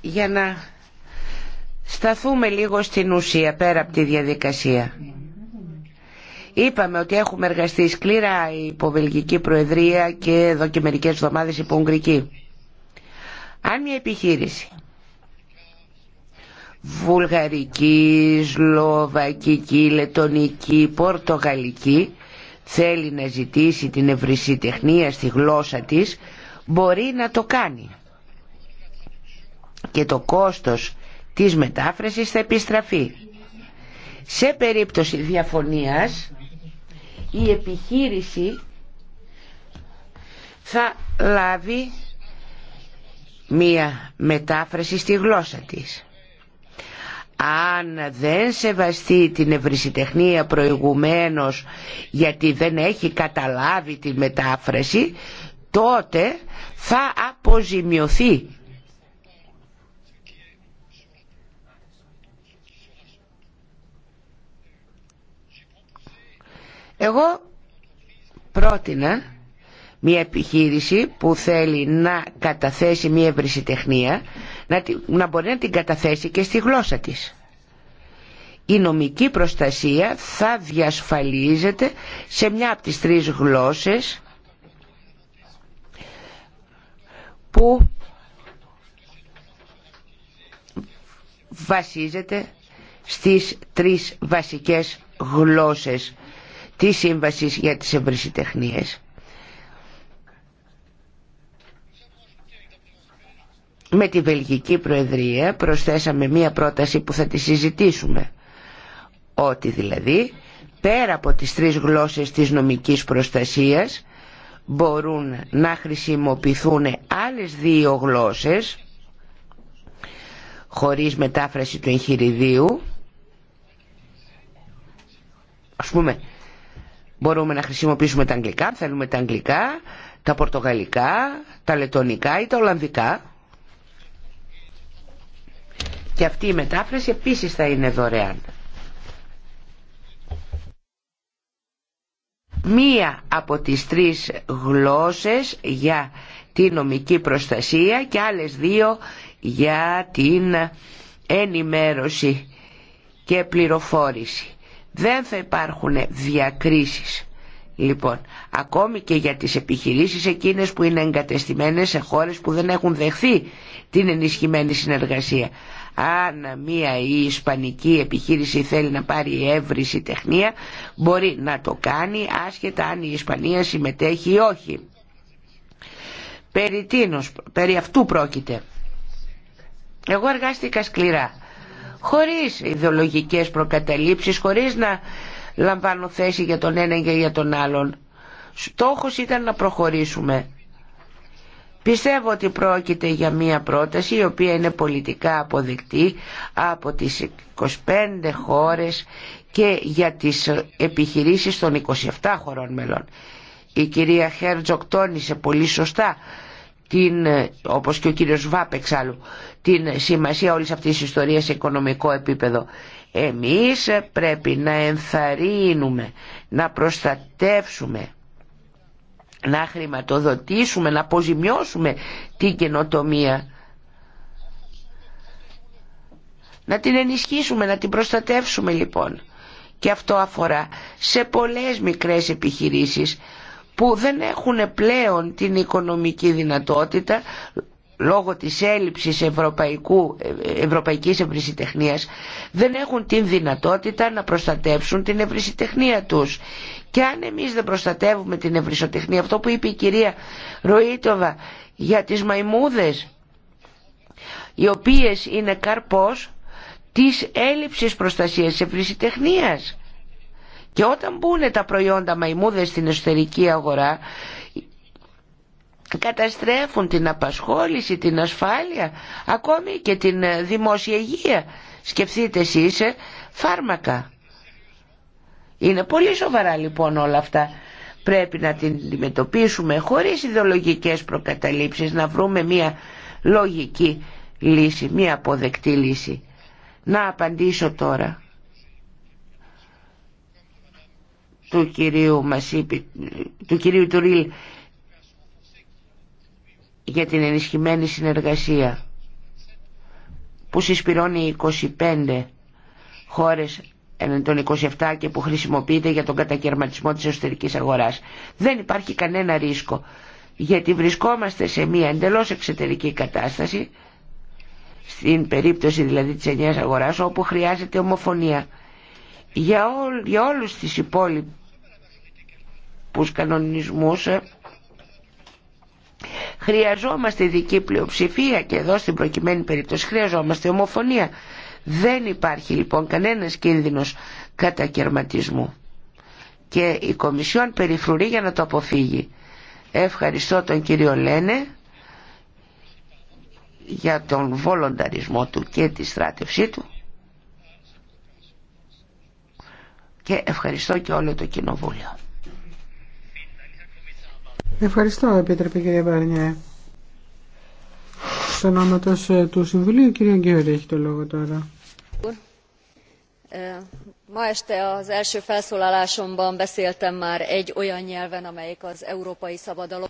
για να σταθούμε λίγο στην ουσία πέρα από τη διαδικασία. Είπαμε ότι έχουμε εργαστεί σκληρά υπό Βελγική Προεδρία και εδώ και μερικές εβδομάδες υπό Ουγγρική. Αν μια επιχείρηση βουλγαρική, σλοβακική, λετωνική, πορτογαλική θέλει να ζητήσει την ευρυσιτεχνία στη γλώσσα της μπορεί να το κάνει και το κόστος της μετάφρασης θα επιστραφεί. Σε περίπτωση διαφωνίας η επιχείρηση θα λάβει μία μετάφραση στη γλώσσα της. Αν δεν σεβαστεί την ευρυσιτεχνία προηγουμένως γιατί δεν έχει καταλάβει τη μετάφραση, τότε θα αποζημιωθεί. Εγώ πρότεινα μια επιχείρηση που θέλει να καταθέσει μια ευρυσιτεχνία να, να μπορεί να την καταθέσει και στη γλώσσα της. Η νομική προστασία θα διασφαλίζεται σε μια από τις τρεις γλώσσες που βασίζεται στις τρεις βασικές γλώσσες της Σύμβασης για τις Ευρυσιτεχνίες. με τη Βελγική Προεδρία προσθέσαμε μία πρόταση που θα τη συζητήσουμε. Ότι δηλαδή πέρα από τις τρεις γλώσσες της νομικής προστασίας μπορούν να χρησιμοποιηθούν άλλες δύο γλώσσες χωρίς μετάφραση του εγχειριδίου ας πούμε μπορούμε να χρησιμοποιήσουμε τα αγγλικά, θέλουμε τα αγγλικά, τα πορτογαλικά, τα λετονικά ή τα ολλανδικά και αυτή η μετάφραση επίσης θα είναι δωρεάν. Μία από τις τρεις γλώσσες για τη νομική προστασία και άλλες δύο για την ενημέρωση και πληροφόρηση. Δεν θα υπάρχουν διακρίσεις. Λοιπόν, ακόμη και για τις επιχειρήσεις εκείνες που είναι εγκατεστημένες σε χώρες που δεν έχουν δεχθεί την ενισχυμένη συνεργασία. Αν μία η ισπανική επιχείρηση θέλει να πάρει εύρηση τεχνία μπορεί να το κάνει άσχετα αν η Ισπανία συμμετέχει ή όχι. Περί περί αυτού πρόκειται. Εγώ εργάστηκα σκληρά, χωρίς ιδεολογικές προκαταλήψεις, χωρίς να λαμβάνω θέση για τον έναν και για τον άλλον. Στόχος ήταν να προχωρήσουμε. Πιστεύω ότι πρόκειται για μια πρόταση η οποία είναι πολιτικά αποδεκτή από τις 25 χώρες και για τις επιχειρήσεις των 27 χωρών μελών. Η κυρία Χέρτζοκ τόνισε πολύ σωστά την, όπως και ο κύριος Βάπεξ άλλου, την σημασία όλης αυτής της ιστορίας σε οικονομικό επίπεδο. Εμείς πρέπει να ενθαρρύνουμε, να προστατεύσουμε να χρηματοδοτήσουμε, να αποζημιώσουμε την καινοτομία. Να την ενισχύσουμε, να την προστατεύσουμε λοιπόν. Και αυτό αφορά σε πολλές μικρές επιχειρήσεις που δεν έχουν πλέον την οικονομική δυνατότητα λόγω της έλλειψης ευρωπαϊκού, ε, ευρωπαϊκής ευρυσιτεχνίας δεν έχουν την δυνατότητα να προστατεύσουν την ευρυσιτεχνία τους. Και αν εμείς δεν προστατεύουμε την ευρυσοτεχνία, αυτό που είπε η κυρία Ροήτοβα για τις μαϊμούδες, οι οποίες είναι καρπός της έλλειψης προστασίας της Και όταν μπουν τα προϊόντα μαϊμούδες στην εσωτερική αγορά, καταστρέφουν την απασχόληση, την ασφάλεια, ακόμη και την δημόσια υγεία. Σκεφτείτε εσείς ε, φάρμακα. Είναι πολύ σοβαρά λοιπόν όλα αυτά. Πρέπει να την αντιμετωπίσουμε χωρίς ιδεολογικές προκαταλήψεις, να βρούμε μια λογική λύση, μια αποδεκτή λύση. Να απαντήσω τώρα του κυρίου, Μασίπη, του κυρίου Τουρίλ για την ενισχυμένη συνεργασία που συσπηρώνει 25 χώρες των 27 και που χρησιμοποιείται για τον κατακαιρματισμό της εσωτερικής αγοράς. Δεν υπάρχει κανένα ρίσκο γιατί βρισκόμαστε σε μια εντελώς εξωτερική κατάσταση στην περίπτωση δηλαδή της ενιαίας αγοράς όπου χρειάζεται ομοφωνία. Για, ό, για όλους τις υπόλοιπους κανονισμούς ε, χρειαζόμαστε ειδική πλειοψηφία και εδώ στην προκειμένη περίπτωση χρειαζόμαστε ομοφωνία. Δεν υπάρχει λοιπόν κανένας κίνδυνος κατακαιρματισμού και η Κομισιόν περιφρουρεί για να το αποφύγει. Ευχαριστώ τον κύριο Λένε για τον βολονταρισμό του και τη στράτευσή του και ευχαριστώ και όλο το Κοινοβούλιο. Ευχαριστώ Επίτροπε κύριε Μπαρνιέ. Στον όνομα του Συμβουλίου κύριε Γκέωρη έχει το λόγο τώρα ma este az első felszólalásomban beszéltem már egy olyan nyelven amelyik az európai szabadalom.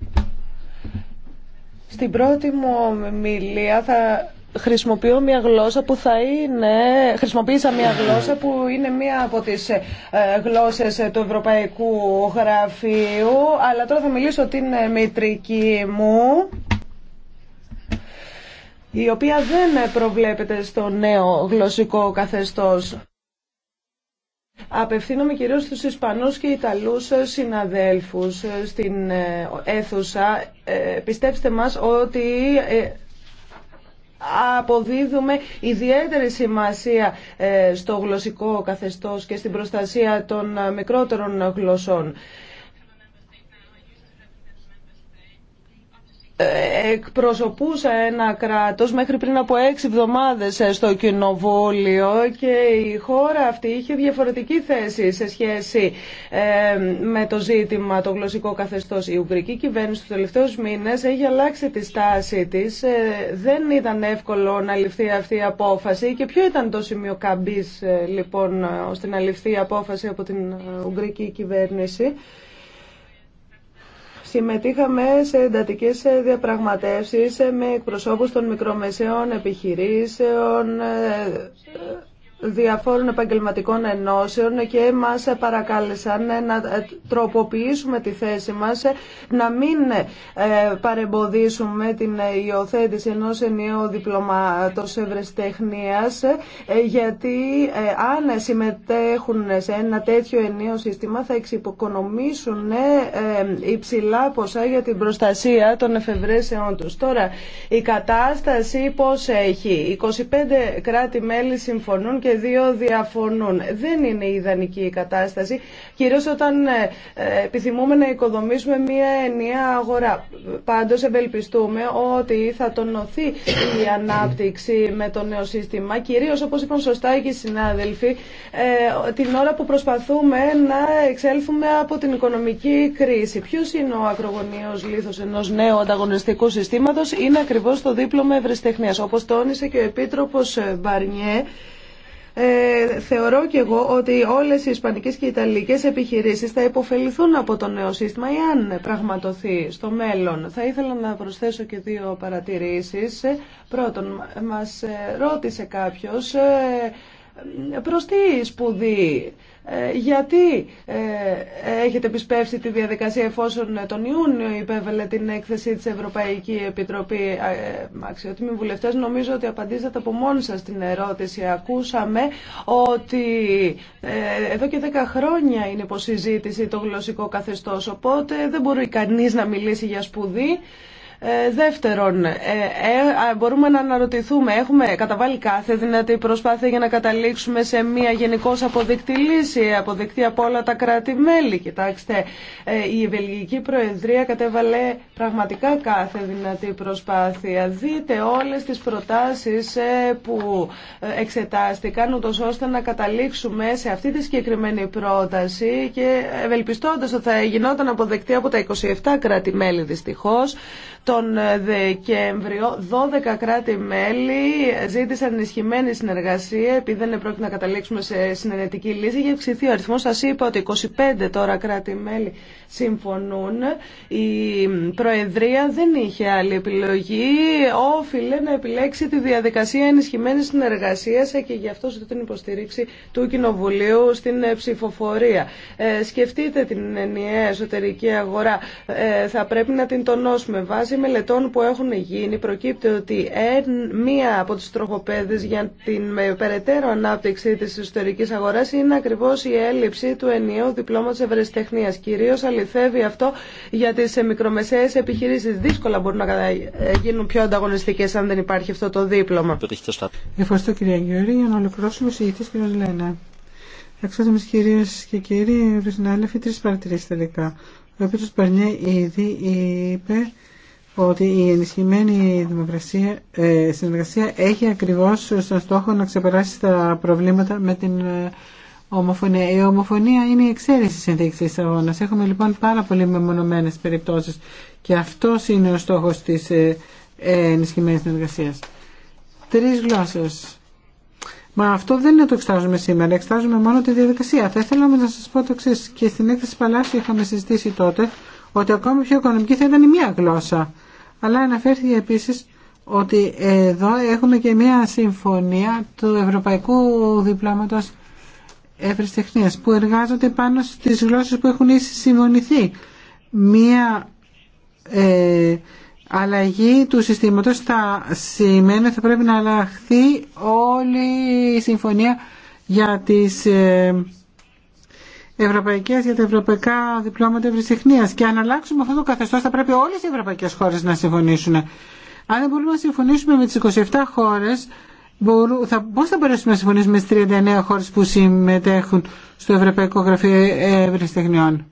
Στην πρώτη μου ομιλία θα χρησιμοποιώ μια γλώσσα που θα είναι, χρησιμοποίησα μια γλώσσα που είναι μια από τις ε, γλώσσες του Ευρωπαϊκού Γραφείου, αλλά τώρα θα μιλήσω την ε, μητρική μου η οποία δεν προβλέπεται στο νέο γλωσσικό καθεστώς. Απευθύνομαι κυρίως στους Ισπανούς και Ιταλούς συναδέλφους στην ε, αίθουσα. Ε, πιστέψτε μας ότι ε, αποδίδουμε ιδιαίτερη σημασία στο γλωσσικό καθεστώς και στην προστασία των μικρότερων γλωσσών. εκπροσωπούσα ένα κράτος μέχρι πριν από έξι εβδομάδες ε, στο κοινοβούλιο και η χώρα αυτή είχε διαφορετική θέση σε σχέση ε, με το ζήτημα, το γλωσσικό καθεστώς. Η Ουγγρική κυβέρνηση του τελευταίους μήνες έχει αλλάξει τη στάση της. Ε, δεν ήταν εύκολο να ληφθεί αυτή η απόφαση και ποιο ήταν το σημείο καμπής λοιπόν ώστε να ληφθεί η απόφαση από την Ουγγρική κυβέρνηση. Συμμετείχαμε σε εντατικέ διαπραγματεύσεις με εκπροσώπους των μικρομεσαίων επιχειρήσεων, ε, διαφόρων επαγγελματικών ενώσεων και μας παρακάλεσαν να τροποποιήσουμε τη θέση μας, να μην ε, παρεμποδίσουμε την υιοθέτηση ενός ενιαίου διπλωμάτος ευρεσιτεχνίας, ε, γιατί ε, αν συμμετέχουν σε ένα τέτοιο ενιαίο σύστημα θα εξυποκονομήσουν υψηλά ποσά για την προστασία των εφευρέσεών τους. Τώρα, η κατάσταση πώς έχει. 25 κράτη-μέλη συμφωνούν και δύο διαφωνούν. Δεν είναι ιδανική η κατάσταση, κυρίως όταν ε, ε, επιθυμούμε να οικοδομήσουμε μία ενιαία αγορά. Πάντως ευελπιστούμε ότι θα τονωθεί η ανάπτυξη με το νέο σύστημα, κυρίως όπως είπαν σωστά και οι συνάδελφοι, ε, την ώρα που προσπαθούμε να εξέλθουμε από την οικονομική κρίση. Ποιο είναι ο ακρογωνίος λίθος ενός νέου ανταγωνιστικού συστήματος είναι ακριβώς το δίπλωμα ευρεσιτεχνίας. Όπως τόνισε και ο Επίτροπος Μπαρνιέ, ε, θεωρώ και εγώ ότι όλες οι ισπανικές και οι ιταλικές επιχειρήσεις θα υποφεληθούν από το νέο σύστημα εάν πραγματοθεί στο μέλλον. Θα ήθελα να προσθέσω και δύο παρατηρήσεις. Πρώτον, μας ρώτησε κάποιος... Ε, προς τι σπουδή, ε, γιατί ε, έχετε επισπεύσει τη διαδικασία εφόσον τον Ιούνιο υπέβαλε την έκθεση της Ευρωπαϊκή Επιτροπή ε, Αξιότιμοι Βουλευτές. Νομίζω ότι απαντήσατε από μόνοι σας την ερώτηση. Ακούσαμε ότι εδώ και 10 χρόνια είναι υποσυζήτηση το γλωσσικό καθεστώς, οπότε δεν μπορεί κανείς να μιλήσει για σπουδή. Ε, δεύτερον, ε, ε, μπορούμε να αναρωτηθούμε, έχουμε καταβάλει κάθε δυνατή προσπάθεια για να καταλήξουμε σε μια γενικώ αποδεκτή λύση, αποδεκτή από όλα τα κράτη-μέλη. Κοιτάξτε, η Βελγική Προεδρία κατέβαλε πραγματικά κάθε δυνατή προσπάθεια. Δείτε όλες τις προτάσεις που εξετάστηκαν, ούτω ώστε να καταλήξουμε σε αυτή τη συγκεκριμένη πρόταση και ευελπιστώντας ότι θα γινόταν αποδεκτή από τα 27 κράτη-μέλη δυστυχώς, τον ε, Δεκέμβριο 12 κράτη-μέλη ζήτησαν ενισχυμένη συνεργασία επειδή δεν πρόκειται να καταλήξουμε σε συνενετική λύση. για αυξηθεί ο αριθμός. Σας είπα ότι 25 τώρα κράτη-μέλη συμφωνούν. Η Προεδρία δεν είχε άλλη επιλογή. Όφιλε να επιλέξει τη διαδικασία ενισχυμένη συνεργασία και γι' αυτό ζητώ την υποστήριξη του Κοινοβουλίου στην ε, ψηφοφορία. Ε, σκεφτείτε την ενιαία εσωτερική αγορά. θα πρέπει να την τονώσουμε βάσει μελετών που έχουν γίνει προκύπτει ότι μία από τις τροχοπέδες για την περαιτέρω ανάπτυξη της ιστορικής αγοράς είναι ακριβώς η έλλειψη του ενιαίου διπλώματος ευρεσιτεχνίας. Κυρίως αληθεύει αυτό για τις μικρομεσαίες επιχειρήσεις. Δύσκολα μπορούν να ε, γίνουν πιο ανταγωνιστικές αν δεν υπάρχει αυτό το δίπλωμα. Ευχαριστώ κυρία Γιώργη. Για να ολοκληρώσουμε ο συγητής κύριος Λένα. Εξότιμες κυρίες και κύριοι, συνάδελφοι, τρεις παρατηρήσεις τελικά. Ο οποίος Παρνιέ ήδη είπε ότι η ενισχυμένη δημοκρασία, ε, συνεργασία έχει ακριβώς στον στόχο να ξεπεράσει τα προβλήματα με την ε, ομοφωνία. Η ομοφωνία είναι η εξαίρεση συνθήκης της αγώνας. Έχουμε λοιπόν πάρα πολύ μεμονωμένες περιπτώσεις και αυτό είναι ο στόχος της ε, ε, ενισχυμένης συνεργασίας. Τρεις γλώσσες. Μα αυτό δεν είναι το εξτάζουμε σήμερα, εξτάζουμε μόνο τη διαδικασία. Θα ήθελα να σας πω το εξή. Και στην έκθεση Παλάσσου είχαμε συζητήσει τότε ότι ακόμη πιο οικονομική θα ήταν η μία γλώσσα αλλά αναφέρθηκε επίσης ότι εδώ έχουμε και μια συμφωνία του Ευρωπαϊκού Διπλώματος Ευρεσιτεχνίας που εργάζονται πάνω στις γλώσσες που έχουν συμφωνηθεί. Μια ε, αλλαγή του συστήματος θα σημαίνει ότι θα πρέπει να αλλάχθει όλη η συμφωνία για τις... Ε, ευρωπαϊκές για τα ευρωπαϊκά διπλώματα ευρυσυχνίας και αν αλλάξουμε αυτό το καθεστώ, θα πρέπει όλες οι ευρωπαϊκές χώρες να συμφωνήσουν. Αν δεν μπορούμε να συμφωνήσουμε με τι 27 χώρες, θα, θα μπορέσουμε να συμφωνήσουμε με τι 39 χώρες που συμμετέχουν στο Ευρωπαϊκό Γραφείο Ευρεσιτεχνιών.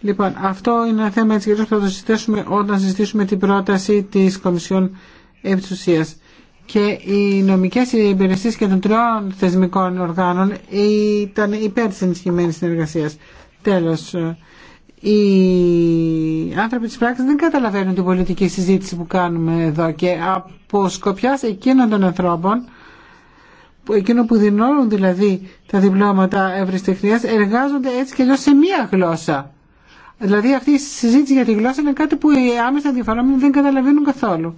Λοιπόν, αυτό είναι ένα θέμα έτσι, που θα το συζητήσουμε όταν συζητήσουμε την πρόταση τη Κομισιόν Επιτουσίας και οι νομικέ υπηρεσίε και των τριών θεσμικών οργάνων ήταν υπέρ τη ενισχυμένη συνεργασία. Τέλο, οι άνθρωποι τη πράξη δεν καταλαβαίνουν την πολιτική συζήτηση που κάνουμε εδώ και από σκοπιά εκείνων των ανθρώπων εκείνο που δινώνουν δηλαδή τα διπλώματα ευρεσιτεχνίας εργάζονται έτσι και αλλιώς σε μία γλώσσα. Δηλαδή αυτή η συζήτηση για τη γλώσσα είναι κάτι που οι άμεσα διαφορόμενοι δεν καταλαβαίνουν καθόλου.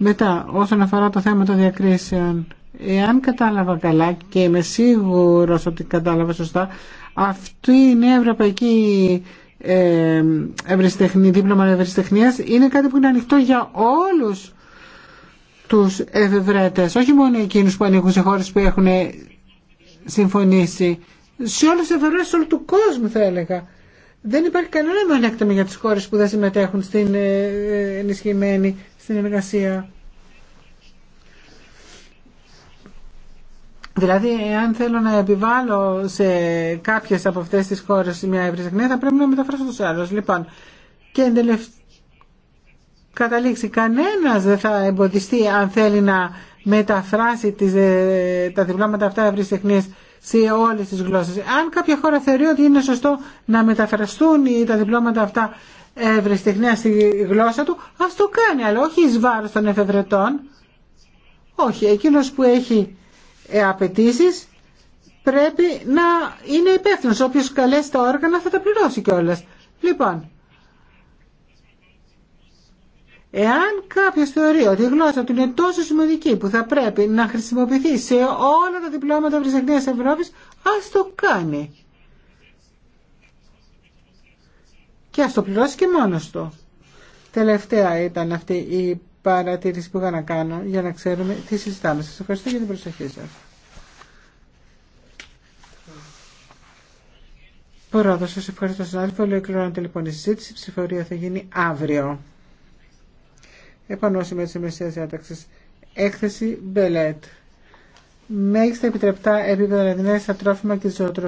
Μετά, όσον αφορά το θέμα των διακρίσεων, εάν κατάλαβα καλά και είμαι σίγουρος ότι κατάλαβα σωστά, αυτή η νέα ευρωπαϊκή ε, δίπλωμα ευρυστεχνίας είναι κάτι που είναι ανοιχτό για όλους τους ευευρέτες, όχι μόνο εκείνους που ανήκουν σε χώρες που έχουν συμφωνήσει, σε όλους τους ευευρέτες όλου του κόσμου θα έλεγα. Δεν υπάρχει κανένα μονέκτημα για τις χώρες που δεν συμμετέχουν στην ε, ε, ενισχυμένη στην εργασία. Δηλαδή, αν θέλω να επιβάλλω σε κάποιε από αυτές τις χώρες μια ευρυζεχνία, θα πρέπει να μεταφράσω τους άλλου. Λοιπόν, και εν καταλήξει, κανένα δεν θα εμποδιστεί αν θέλει να μεταφράσει τις, ε, τα διπλώματα αυτά ευρυζεχνίες σε όλε τι γλώσσε. Αν κάποια χώρα θεωρεί ότι είναι σωστό να μεταφραστούν τα διπλώματα αυτά ευρεστιχνία στη γλώσσα του, ας το κάνει, αλλά όχι εις βάρος των εφευρετών. Όχι, εκείνος που έχει ε, απαιτήσει πρέπει να είναι υπεύθυνο. Όποιο καλέσει τα όργανα θα τα πληρώσει κιόλα. Λοιπόν, εάν κάποιο θεωρεί ότι η γλώσσα του είναι τόσο σημαντική που θα πρέπει να χρησιμοποιηθεί σε όλα τα διπλώματα βρυσαγνία Ευρώπη, α το κάνει. και ας το πληρώσει και μόνος του. Τελευταία ήταν αυτή η παρατήρηση που είχα να κάνω για να ξέρουμε τι συζητάμε. Σας ευχαριστώ για την προσοχή σας. Πρόεδρο, σας ευχαριστώ συνάδελφο. Ολοκληρώνεται λοιπόν η συζήτηση. Η ψηφορία θα γίνει αύριο. Επανώση με τη ημερησία διάταξη. Έκθεση Μπελέτ. Μέγιστα επιτρεπτά επίπεδα να ραδινέ στα τρόφιμα και ζωοτροφικά.